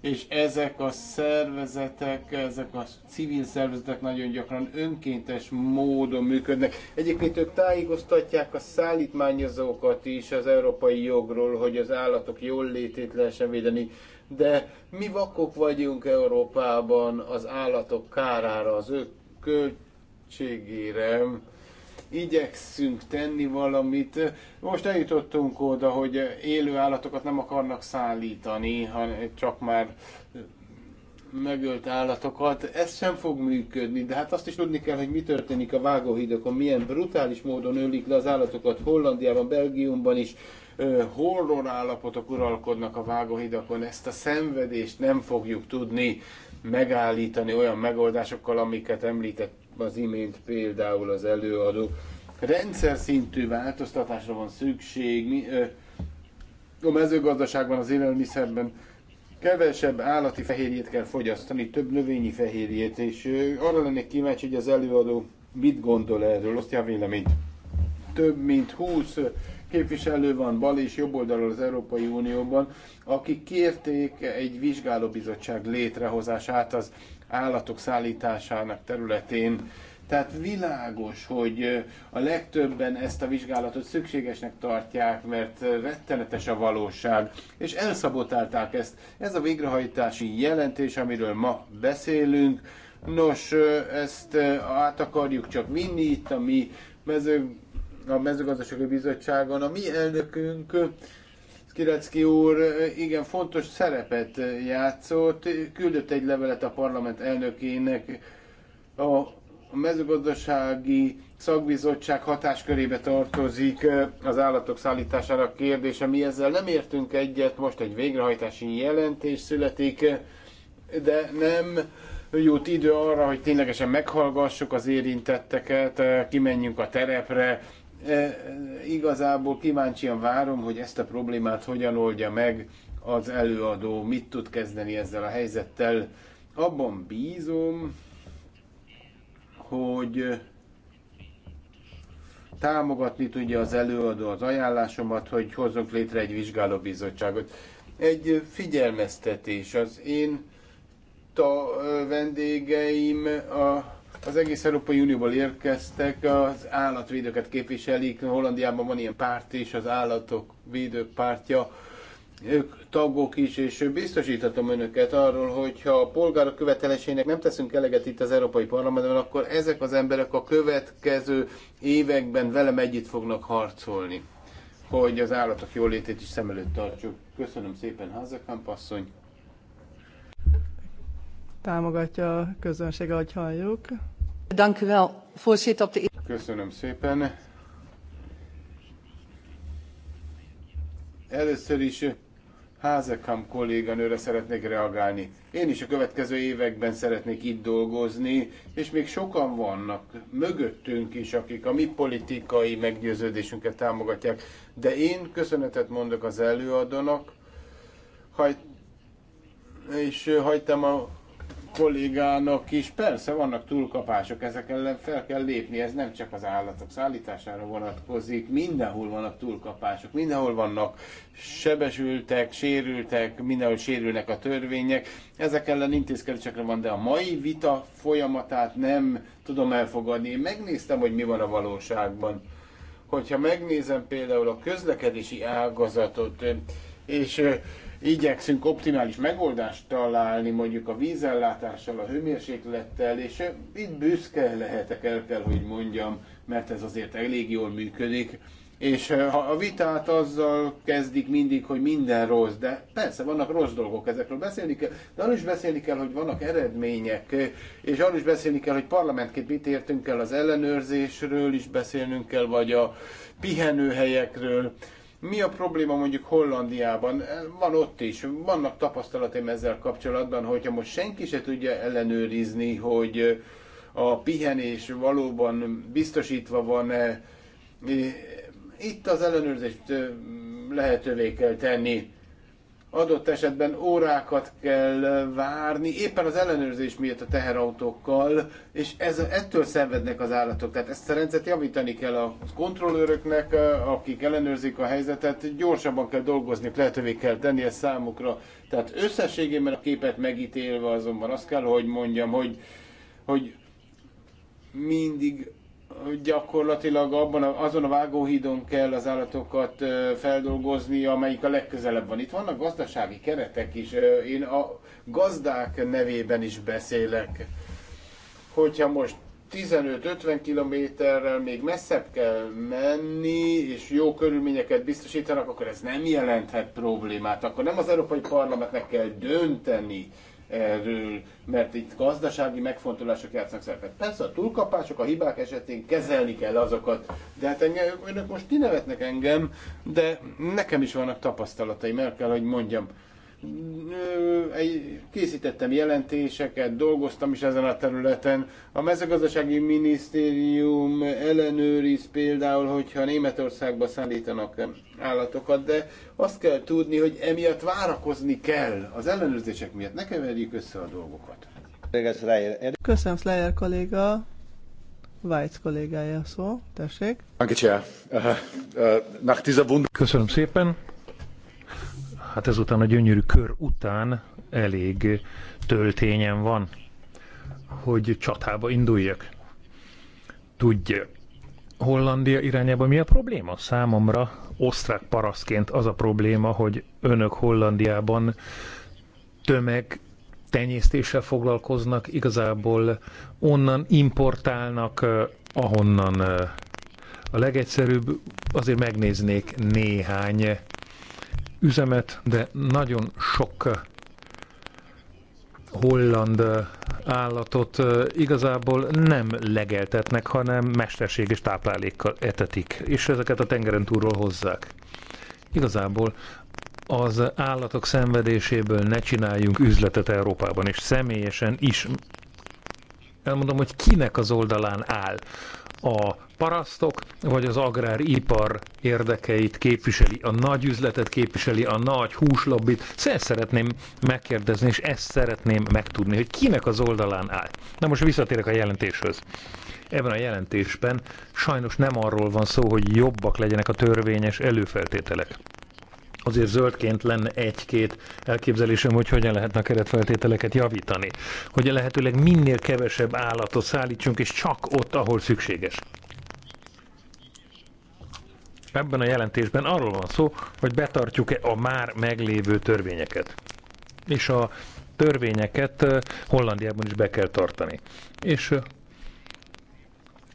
és ezek a szervezetek, ezek a civil szervezetek nagyon gyakran önkéntes módon működnek. Egyébként ők tájékoztatják a szállítmányozókat is az európai jogról, hogy az állatok jól létét lehessen védeni, de mi vakok vagyunk Európában az állatok kárára, az ők költségére igyekszünk tenni valamit. Most eljutottunk oda, hogy élő állatokat nem akarnak szállítani, hanem csak már megölt állatokat. Ez sem fog működni, de hát azt is tudni kell, hogy mi történik a vágóhídokon, milyen brutális módon ölik le az állatokat Hollandiában, Belgiumban is horror állapotok uralkodnak a vágóhidakon, ezt a szenvedést nem fogjuk tudni megállítani olyan megoldásokkal, amiket említett az imént például az előadó. Rendszer szintű változtatásra van szükség. Mi, ö, a mezőgazdaságban, az élelmiszerben kevesebb állati fehérjét kell fogyasztani, több növényi fehérjét, és ö, arra lennék kíváncsi, hogy az előadó mit gondol erről, osztja véleményt. Több mint 20 képviselő van bal és jobb oldalról az Európai Unióban, akik kérték egy vizsgálóbizottság létrehozását az állatok szállításának területén. Tehát világos, hogy a legtöbben ezt a vizsgálatot szükségesnek tartják, mert rettenetes a valóság, és elszabotálták ezt. Ez a végrehajtási jelentés, amiről ma beszélünk, nos, ezt át akarjuk csak vinni itt a mi mező, a mezőgazdasági bizottságon. A mi elnökünk Tirecki úr igen fontos szerepet játszott, küldött egy levelet a parlament elnökének a mezőgazdasági szakbizottság hatáskörébe tartozik az állatok szállítására kérdése. Mi ezzel nem értünk egyet, most egy végrehajtási jelentés születik, de nem jut idő arra, hogy ténylegesen meghallgassuk az érintetteket, kimenjünk a terepre, E, igazából kíváncsian várom, hogy ezt a problémát hogyan oldja meg az előadó, mit tud kezdeni ezzel a helyzettel. Abban bízom, hogy támogatni tudja az előadó az ajánlásomat, hogy hozzunk létre egy vizsgálóbizottságot. Egy figyelmeztetés az én ta vendégeim a az egész Európai Unióból érkeztek, az állatvédőket képviselik, Hollandiában van ilyen párt is, az állatok védők pártja, ők tagok is, és biztosíthatom önöket arról, hogy ha a polgárok követelésének nem teszünk eleget itt az Európai Parlamentben, akkor ezek az emberek a következő években velem együtt fognak harcolni, hogy az állatok jólétét is szem előtt tartsuk. Köszönöm szépen, Házakamp asszony! támogatja a közönség, ahogy halljuk. Köszönöm szépen. Először is Házekam kolléganőre szeretnék reagálni. Én is a következő években szeretnék itt dolgozni, és még sokan vannak mögöttünk is, akik a mi politikai meggyőződésünket támogatják. De én köszönetet mondok az előadónak, hagy, és hagytam a kollégának is. Persze vannak túlkapások, ezek ellen fel kell lépni, ez nem csak az állatok szállítására vonatkozik, mindenhol vannak túlkapások, mindenhol vannak sebesültek, sérültek, mindenhol sérülnek a törvények. Ezek ellen intézkedésekre van, de a mai vita folyamatát nem tudom elfogadni. Én megnéztem, hogy mi van a valóságban. Hogyha megnézem például a közlekedési ágazatot, és igyekszünk optimális megoldást találni, mondjuk a vízellátással, a hőmérséklettel, és itt büszke lehetek, el kell, hogy mondjam, mert ez azért elég jól működik. És eh, ha a vitát azzal kezdik mindig, hogy minden rossz, de persze vannak rossz dolgok, ezekről beszélni kell, de arról is beszélni kell, hogy vannak eredmények, és arról is beszélni kell, hogy parlamentként mit értünk el, az ellenőrzésről is beszélnünk kell, vagy a pihenőhelyekről, mi a probléma mondjuk Hollandiában? Van ott is, vannak tapasztalatom ezzel kapcsolatban, hogyha most senki se tudja ellenőrizni, hogy a pihenés valóban biztosítva van-e, itt az ellenőrzést lehetővé kell tenni adott esetben órákat kell várni, éppen az ellenőrzés miatt a teherautókkal, és ez, ettől szenvednek az állatok. Tehát ezt a rendszert javítani kell a kontrollőröknek, akik ellenőrzik a helyzetet, gyorsabban kell dolgozni, lehetővé kell tenni ezt számukra. Tehát összességében a képet megítélve azonban azt kell, hogy mondjam, hogy, hogy mindig gyakorlatilag abban a, azon a vágóhídon kell az állatokat feldolgozni, amelyik a legközelebb van. Itt vannak gazdasági keretek is. Én a gazdák nevében is beszélek. Hogyha most 15-50 kilométerrel még messzebb kell menni, és jó körülményeket biztosítanak, akkor ez nem jelenthet problémát. Akkor nem az Európai Parlamentnek kell dönteni erről, mert itt gazdasági megfontolások játszanak szerepet. Persze a túlkapások, a hibák esetén kezelni kell azokat, de hát engem, önök most nevetnek engem, de nekem is vannak tapasztalataim, el kell, hogy mondjam készítettem jelentéseket, dolgoztam is ezen a területen. A mezőgazdasági minisztérium ellenőriz például, hogyha Németországba szállítanak állatokat, de azt kell tudni, hogy emiatt várakozni kell az ellenőrzések miatt. Ne keverjük össze a dolgokat. Köszönöm, Slayer kolléga. Weitz kollégája szó, tessék. Äh, äh, Köszönöm szépen hát ezután a gyönyörű kör után elég töltényen van, hogy csatába induljak. Tudja, Hollandia irányába mi a probléma? Számomra osztrák paraszként az a probléma, hogy önök Hollandiában tömeg tenyésztéssel foglalkoznak, igazából onnan importálnak, ahonnan a legegyszerűbb, azért megnéznék néhány üzemet, de nagyon sok eh, holland eh, állatot eh, igazából nem legeltetnek, hanem mesterséges táplálékkal etetik, és ezeket a tengeren túlról hozzák. Igazából az állatok szenvedéséből ne csináljunk üzletet Európában, és személyesen is elmondom, hogy kinek az oldalán áll a parasztok vagy az agráripar érdekeit képviseli, a nagy üzletet képviseli, a nagy húslobbit. Szóval ezt szeretném megkérdezni, és ezt szeretném megtudni, hogy kinek az oldalán áll. Na most visszatérek a jelentéshez, Ebben a jelentésben sajnos nem arról van szó, hogy jobbak legyenek a törvényes előfeltételek azért zöldként lenne egy-két elképzelésem, hogy hogyan lehetne a keretfeltételeket javítani. Hogy a lehetőleg minél kevesebb állatot szállítsunk, és csak ott, ahol szükséges. Ebben a jelentésben arról van szó, hogy betartjuk-e a már meglévő törvényeket. És a törvényeket eh, Hollandiában is be kell tartani. És eh,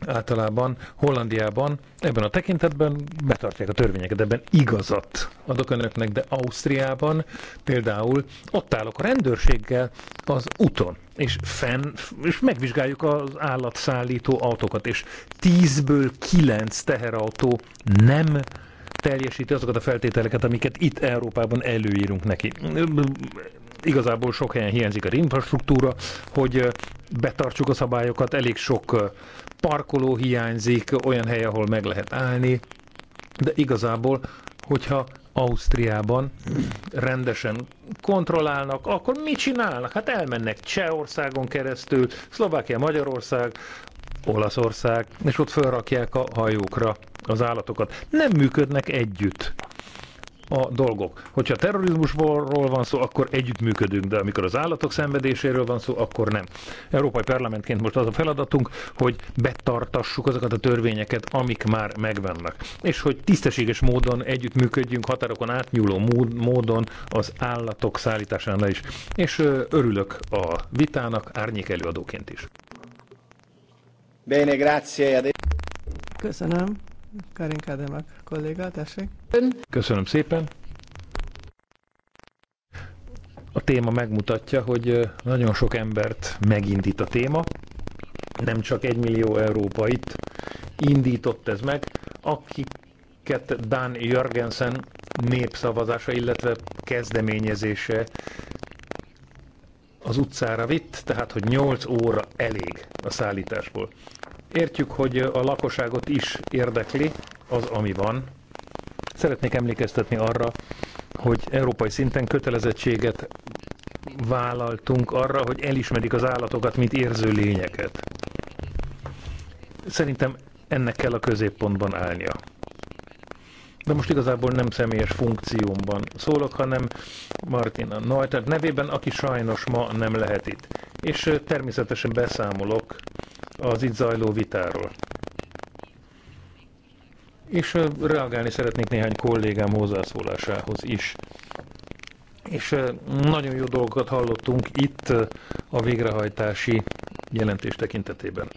általában Hollandiában ebben a tekintetben betartják a törvényeket, ebben igazat adok önöknek, de Ausztriában például ott állok a rendőrséggel az úton, és fenn, és megvizsgáljuk az állatszállító autókat, és tízből kilenc teherautó nem teljesíti azokat a feltételeket, amiket itt Európában előírunk neki igazából sok helyen hiányzik a infrastruktúra, hogy betartsuk a szabályokat, elég sok parkoló hiányzik, olyan hely, ahol meg lehet állni, de igazából, hogyha Ausztriában rendesen kontrollálnak, akkor mit csinálnak? Hát elmennek Csehországon keresztül, Szlovákia, Magyarország, Olaszország, és ott felrakják a hajókra az állatokat. Nem működnek együtt a dolgok. Hogyha terrorizmusról van szó, akkor együttműködünk, de amikor az állatok szenvedéséről van szó, akkor nem. Európai Parlamentként most az a feladatunk, hogy betartassuk azokat a törvényeket, amik már megvannak. És hogy tisztességes módon együttműködjünk, határokon átnyúló módon az állatok szállításánál is. És örülök a vitának, árnyék előadóként is. Bene, grazie. Köszönöm. Karin Kádemek kolléga, tessék. Köszönöm szépen. A téma megmutatja, hogy nagyon sok embert megindít a téma. Nem csak egy millió európait indított ez meg, akiket Dan Jörgensen népszavazása, illetve kezdeményezése az utcára vitt, tehát hogy 8 óra elég a szállításból. Értjük, hogy a lakosságot is érdekli az, ami van, Szeretnék emlékeztetni arra, hogy európai szinten kötelezettséget vállaltunk arra, hogy elismerik az állatokat, mint érző lényeket. Szerintem ennek kell a középpontban állnia. De most igazából nem személyes funkciómban szólok, hanem Martina Neuter nevében, aki sajnos ma nem lehet itt. És természetesen beszámolok az itt zajló vitáról és reagálni szeretnék néhány kollégám hozzászólásához is. És nagyon jó dolgokat hallottunk itt a végrehajtási jelentés tekintetében.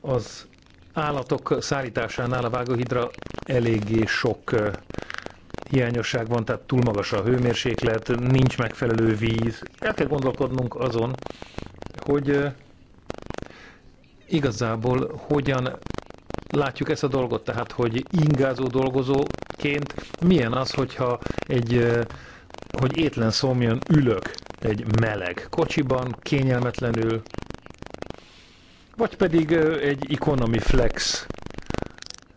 Az állatok szállításánál a vágóhidra eléggé sok hiányosság van, tehát túl magas a hőmérséklet, nincs megfelelő víz. El kell gondolkodnunk azon, hogy igazából hogyan látjuk ezt a dolgot, tehát hogy ingázó dolgozóként milyen az, hogyha egy hogy étlen szomjon ülök egy meleg kocsiban, kényelmetlenül, vagy pedig egy Economy Flex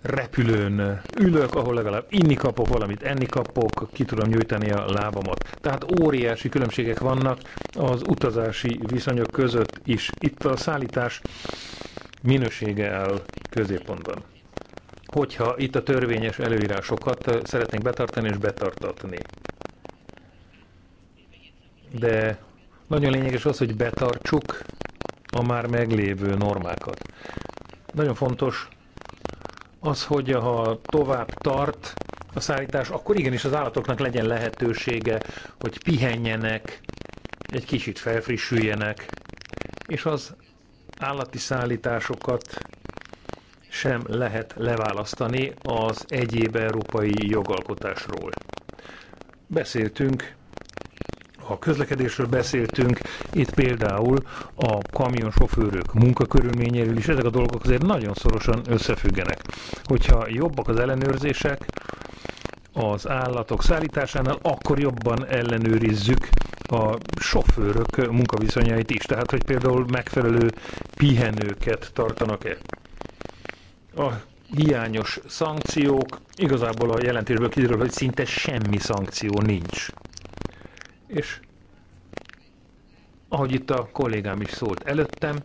repülőn ülök, ahol legalább inni kapok valamit, enni kapok, ki tudom nyújtani a lábamat. Tehát óriási különbségek vannak az utazási viszonyok között is. Itt a szállítás minősége áll középpontban. Hogyha itt a törvényes előírásokat szeretnénk betartani és betartatni. De nagyon lényeges az, hogy betartsuk a már meglévő normákat. Nagyon fontos az, hogy ha tovább tart a szállítás, akkor igenis az állatoknak legyen lehetősége, hogy pihenjenek, egy kicsit felfrissüljenek, és az állati szállításokat sem lehet leválasztani az egyéb európai jogalkotásról. Beszéltünk, a közlekedésről beszéltünk, itt például a kamionsofőrök munkakörülményéről is, ezek a dolgok azért nagyon szorosan összefüggenek. Hogyha jobbak az ellenőrzések az állatok szállításánál, akkor jobban ellenőrizzük a sofőrök munkaviszonyait is, tehát hogy például megfelelő pihenőket tartanak-e. A hiányos szankciók, igazából a jelentésből kiderül, hogy szinte semmi szankció nincs. És ahogy itt a kollégám is szólt előttem,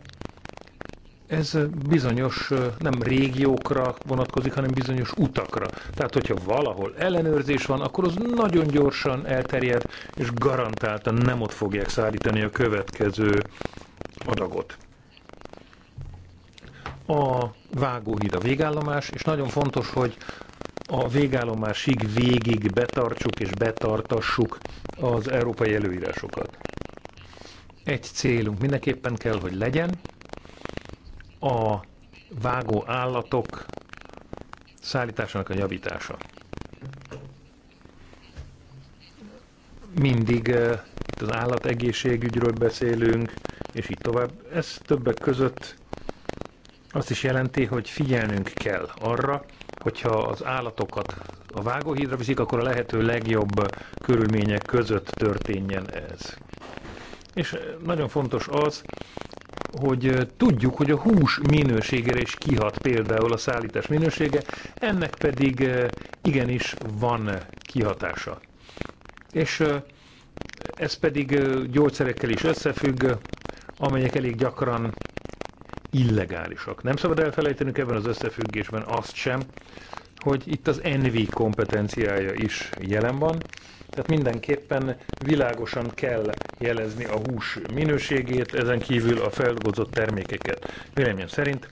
ez bizonyos nem régiókra vonatkozik, hanem bizonyos utakra. Tehát, hogyha valahol ellenőrzés van, akkor az nagyon gyorsan elterjed, és garantáltan nem ott fogják szállítani a következő adagot. A vágóhíd a végállomás, és nagyon fontos, hogy a végállomásig végig betartsuk és betartassuk az európai előírásokat. Egy célunk mindenképpen kell, hogy legyen, a vágó állatok szállításának a javítása. Mindig eh, itt az állategészségügyről beszélünk, és így tovább. Ez többek között azt is jelenti, hogy figyelnünk kell arra, hogyha az állatokat a vágóhídra viszik, akkor a lehető legjobb körülmények között történjen ez. És nagyon fontos az, hogy tudjuk, hogy a hús minőségére is kihat például a szállítás minősége, ennek pedig igenis van kihatása. És ez pedig gyógyszerekkel is összefügg, amelyek elég gyakran illegálisak. Nem szabad elfelejtenünk ebben az összefüggésben azt sem, hogy itt az NV kompetenciája is jelen van, tehát mindenképpen világosan kell jelezni a hús minőségét, ezen kívül a feldolgozott termékeket. Véleményem szerint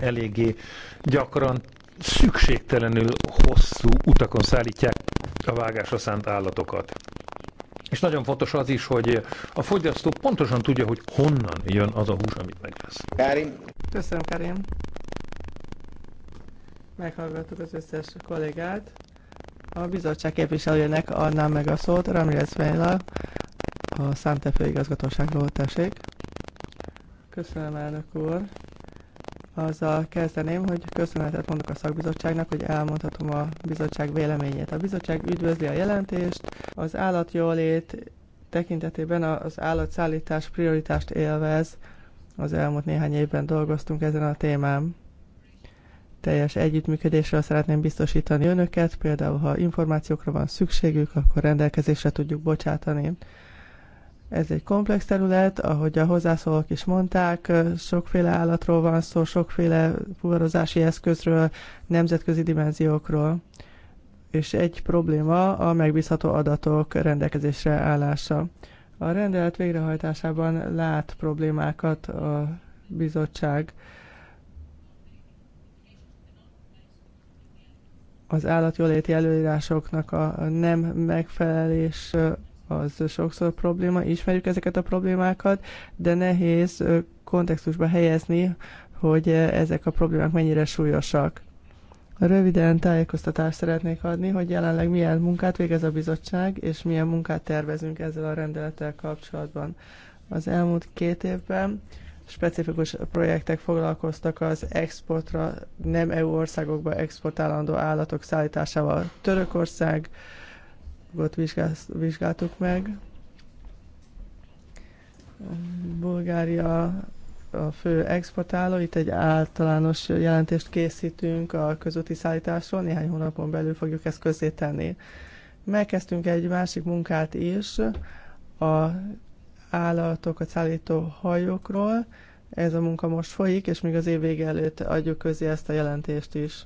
eléggé gyakran szükségtelenül hosszú utakon szállítják a vágásra szánt állatokat. És nagyon fontos az is, hogy a fogyasztó pontosan tudja, hogy honnan jön az a hús, amit megvesz. Kárim. Köszönöm, Kárim. Meghallgattuk az összes kollégát. A bizottság képviselőjének adnám meg a szót. Ramirez Vejla, a Szánte főigazgatóságról tessék. Köszönöm, elnök úr. Azzal kezdeném, hogy köszönetet mondok a szakbizottságnak, hogy elmondhatom a bizottság véleményét. A bizottság üdvözli a jelentést, az állatjólét tekintetében az állatszállítás prioritást élvez. Az elmúlt néhány évben dolgoztunk ezen a témán teljes együttműködésről szeretném biztosítani önöket, például ha információkra van szükségük, akkor rendelkezésre tudjuk bocsátani. Ez egy komplex terület, ahogy a hozzászólók is mondták, sokféle állatról van szó, sokféle fuvarozási eszközről, nemzetközi dimenziókról, és egy probléma a megbízható adatok rendelkezésre állása. A rendelet végrehajtásában lát problémákat a bizottság az állatjóléti előírásoknak a nem megfelelés az sokszor probléma, ismerjük ezeket a problémákat, de nehéz kontextusba helyezni, hogy ezek a problémák mennyire súlyosak. Röviden tájékoztatást szeretnék adni, hogy jelenleg milyen munkát végez a bizottság, és milyen munkát tervezünk ezzel a rendelettel kapcsolatban. Az elmúlt két évben specifikus projektek foglalkoztak az exportra, nem EU országokba exportálandó állatok szállításával. Törökország, ott vizsgáltuk meg. Bulgária a fő exportáló, itt egy általános jelentést készítünk a közúti szállításról, néhány hónapon belül fogjuk ezt közzétenni. Megkezdtünk egy másik munkát is, a állatokat szállító hajókról. Ez a munka most folyik, és még az év vége előtt adjuk közé ezt a jelentést is.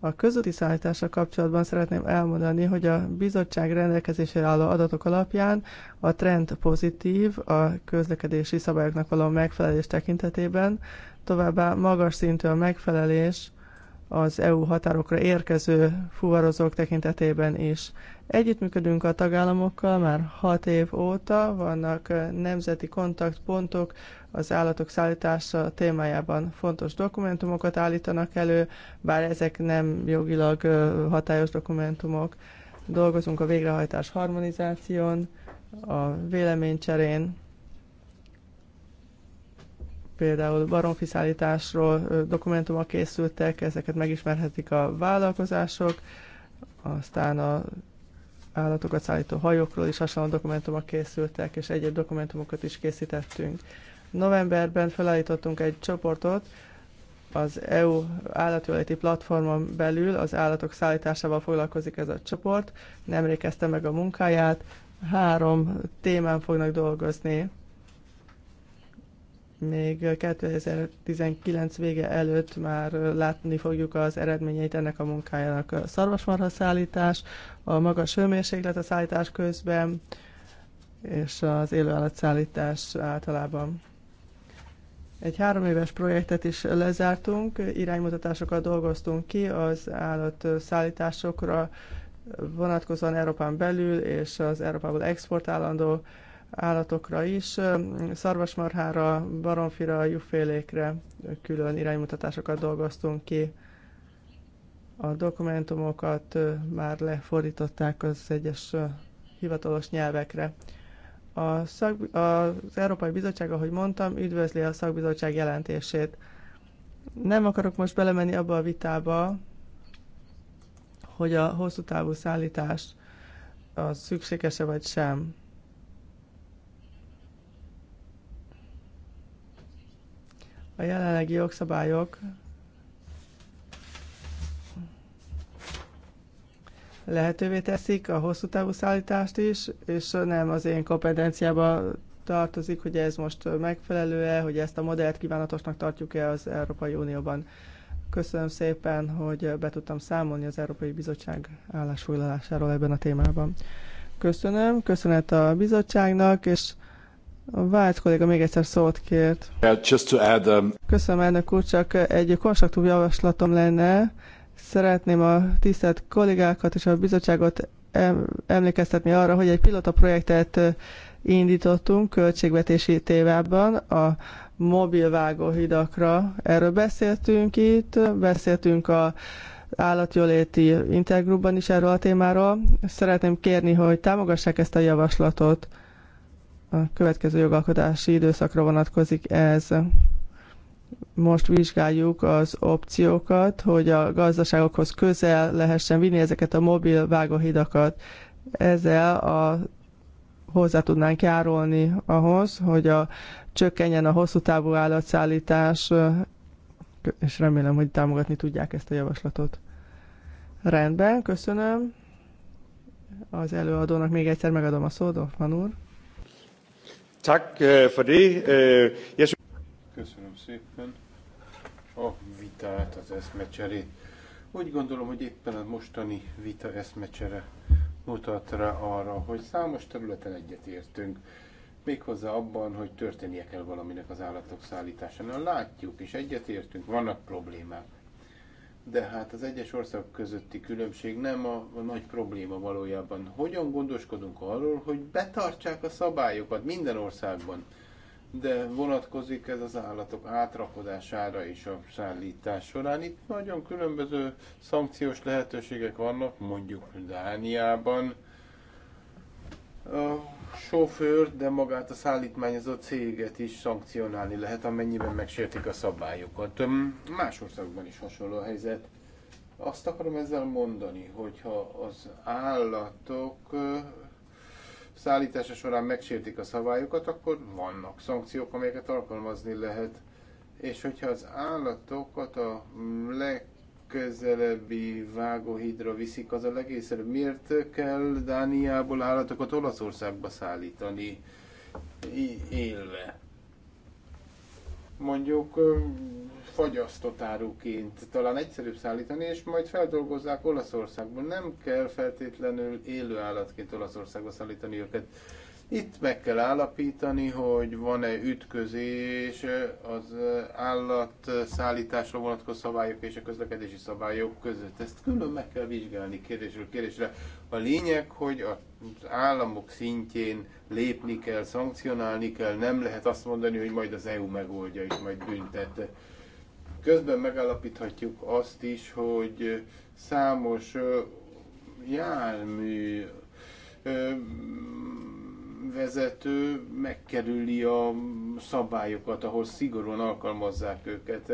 A közúti szállítással kapcsolatban szeretném elmondani, hogy a bizottság rendelkezésére álló adatok alapján a trend pozitív a közlekedési szabályoknak való megfelelés tekintetében, továbbá magas szintű a megfelelés az EU határokra érkező fuvarozók tekintetében is. Együttműködünk a tagállamokkal már hat év óta, vannak nemzeti kontaktpontok az állatok szállítása témájában fontos dokumentumokat állítanak elő, bár ezek nem jogilag hatályos dokumentumok. Dolgozunk a végrehajtás harmonizáción, a véleménycserén, például szállításról dokumentumok készültek, ezeket megismerhetik a vállalkozások, aztán a állatokat szállító hajókról is hasonló dokumentumok készültek, és egyéb dokumentumokat is készítettünk. Novemberben felállítottunk egy csoportot, az EU állatjóléti platformon belül az állatok szállításával foglalkozik ez a csoport. Nemrég kezdte meg a munkáját, három témán fognak dolgozni még 2019 vége előtt már látni fogjuk az eredményeit ennek a munkájának. A szarvasmarha szállítás, a magas hőmérséklet a szállítás közben, és az élőállat szállítás általában. Egy három éves projektet is lezártunk, iránymutatásokat dolgoztunk ki az szállításokra vonatkozóan Európán belül és az Európából exportálandó állatokra is, szarvasmarhára, baromfira, jufélékre külön iránymutatásokat dolgoztunk ki. A dokumentumokat már lefordították az egyes hivatalos nyelvekre. A szak, az Európai Bizottság, ahogy mondtam, üdvözli a szakbizottság jelentését. Nem akarok most belemenni abba a vitába, hogy a hosszú távú szállítás az szükséges-e vagy sem A jelenlegi jogszabályok lehetővé teszik a hosszú távú szállítást is, és nem az én kompetenciába tartozik, hogy ez most megfelelő-e, hogy ezt a modellt kívánatosnak tartjuk-e az Európai Unióban. Köszönöm szépen, hogy be tudtam számolni az Európai Bizottság állásfoglalásáról ebben a témában. Köszönöm, köszönet a bizottságnak, és a Vált kolléga még egyszer szót kért. Just to add, um... Köszönöm, elnök úr, csak egy konstruktív javaslatom lenne. Szeretném a tisztelt kollégákat és a bizottságot emlékeztetni arra, hogy egy pilota projektet indítottunk költségvetési tévában a mobilvágó hidakra. Erről beszéltünk itt, beszéltünk a állatjóléti intergrupban is erről a témáról. Szeretném kérni, hogy támogassák ezt a javaslatot. A következő jogalkotási időszakra vonatkozik ez. Most vizsgáljuk az opciókat, hogy a gazdaságokhoz közel lehessen vinni ezeket a mobil vágóhidakat. Ezzel a hozzá tudnánk járulni ahhoz, hogy a csökkenjen a hosszú távú állatszállítás, és remélem, hogy támogatni tudják ezt a javaslatot. Rendben, köszönöm. Az előadónak még egyszer megadom a szót, Dorfman úr. Tak øh, for det. Øh, jeg Köszönöm szépen a vitát, az eszmecserét. Úgy gondolom, hogy éppen a mostani vita eszmecsere mutat rá arra, hogy számos területen egyetértünk, méghozzá abban, hogy történnie kell valaminek az állatok szállításánál. Látjuk és egyetértünk, vannak problémák de hát az egyes ország közötti különbség nem a, a nagy probléma valójában. Hogyan gondoskodunk arról, hogy betartsák a szabályokat minden országban? De vonatkozik ez az állatok átrakodására és a szállítás során. Itt nagyon különböző szankciós lehetőségek vannak, mondjuk Dániában sofőr, de magát a szállítmányozó céget is szankcionálni lehet, amennyiben megsértik a szabályokat. Más országban is hasonló a helyzet. Azt akarom ezzel mondani, hogyha az állatok szállítása során megsértik a szabályokat, akkor vannak szankciók, amelyeket alkalmazni lehet. És hogyha az állatokat a leg legközelebbi vágóhídra viszik, az a legészre. Miért kell Dániából állatokat Olaszországba szállítani élve? Mondjuk fagyasztott áruként talán egyszerűbb szállítani, és majd feldolgozzák Olaszországból. Nem kell feltétlenül élő állatként Olaszországba szállítani őket. Itt meg kell állapítani, hogy van-e ütközés az állatszállításra vonatkozó szabályok és a közlekedési szabályok között. Ezt külön meg kell vizsgálni kérdésről kérdésre. A lényeg, hogy az államok szintjén lépni kell, szankcionálni kell, nem lehet azt mondani, hogy majd az EU megoldja és majd büntet. Közben megállapíthatjuk azt is, hogy számos jármű vezető megkerüli a szabályokat, ahol szigorúan alkalmazzák őket.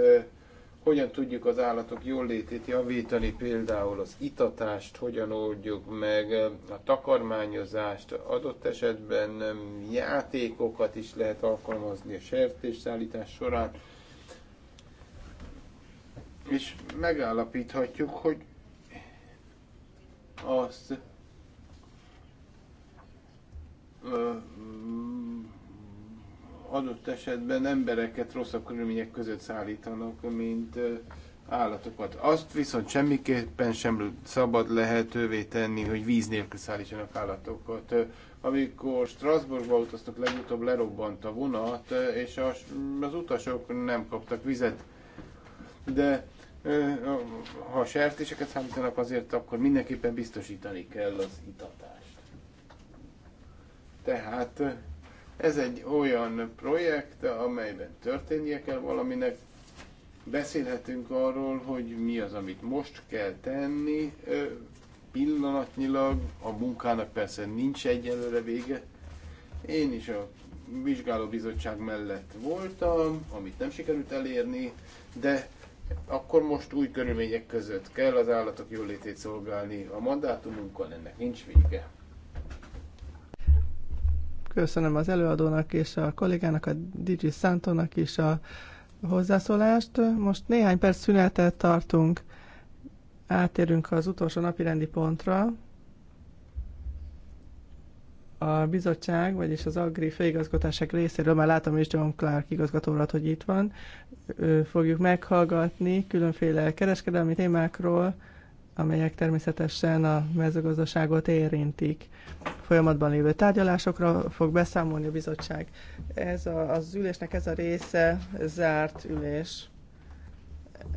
Hogyan tudjuk az állatok jól létét javítani, például az itatást, hogyan oldjuk meg a takarmányozást, adott esetben játékokat is lehet alkalmazni a sertésszállítás során. És megállapíthatjuk, hogy az adott esetben embereket rosszabb körülmények között szállítanak, mint állatokat. Azt viszont semmiképpen sem szabad lehetővé tenni, hogy víz nélkül szállítsanak állatokat. Amikor Strasbourgba utaztak, legutóbb lerobbant a vonat, és az utasok nem kaptak vizet. De ha sertéseket számítanak azért, akkor mindenképpen biztosítani kell az itatást. Tehát ez egy olyan projekt, amelyben történnie kell valaminek. Beszélhetünk arról, hogy mi az, amit most kell tenni pillanatnyilag. A munkának persze nincs egyelőre vége. Én is a vizsgálóbizottság mellett voltam, amit nem sikerült elérni, de akkor most új körülmények között kell az állatok jólétét szolgálni. A mandátumunkon ennek nincs vége. Köszönöm az előadónak és a kollégának, a DJ Santonak is a hozzászólást. Most néhány perc szünetet tartunk, átérünk az utolsó napi rendi pontra. A bizottság, vagyis az Agri főigazgatások részéről, már látom is John Clark igazgatórat, hogy itt van, fogjuk meghallgatni különféle kereskedelmi témákról, amelyek természetesen a mezőgazdaságot érintik. Folyamatban lévő tárgyalásokra fog beszámolni a bizottság. Ez a, az ülésnek ez a része zárt ülés.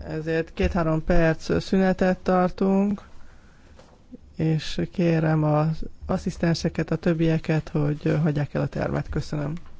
Ezért két-három perc szünetet tartunk, és kérem az asszisztenseket, a többieket, hogy hagyják el a termet. Köszönöm.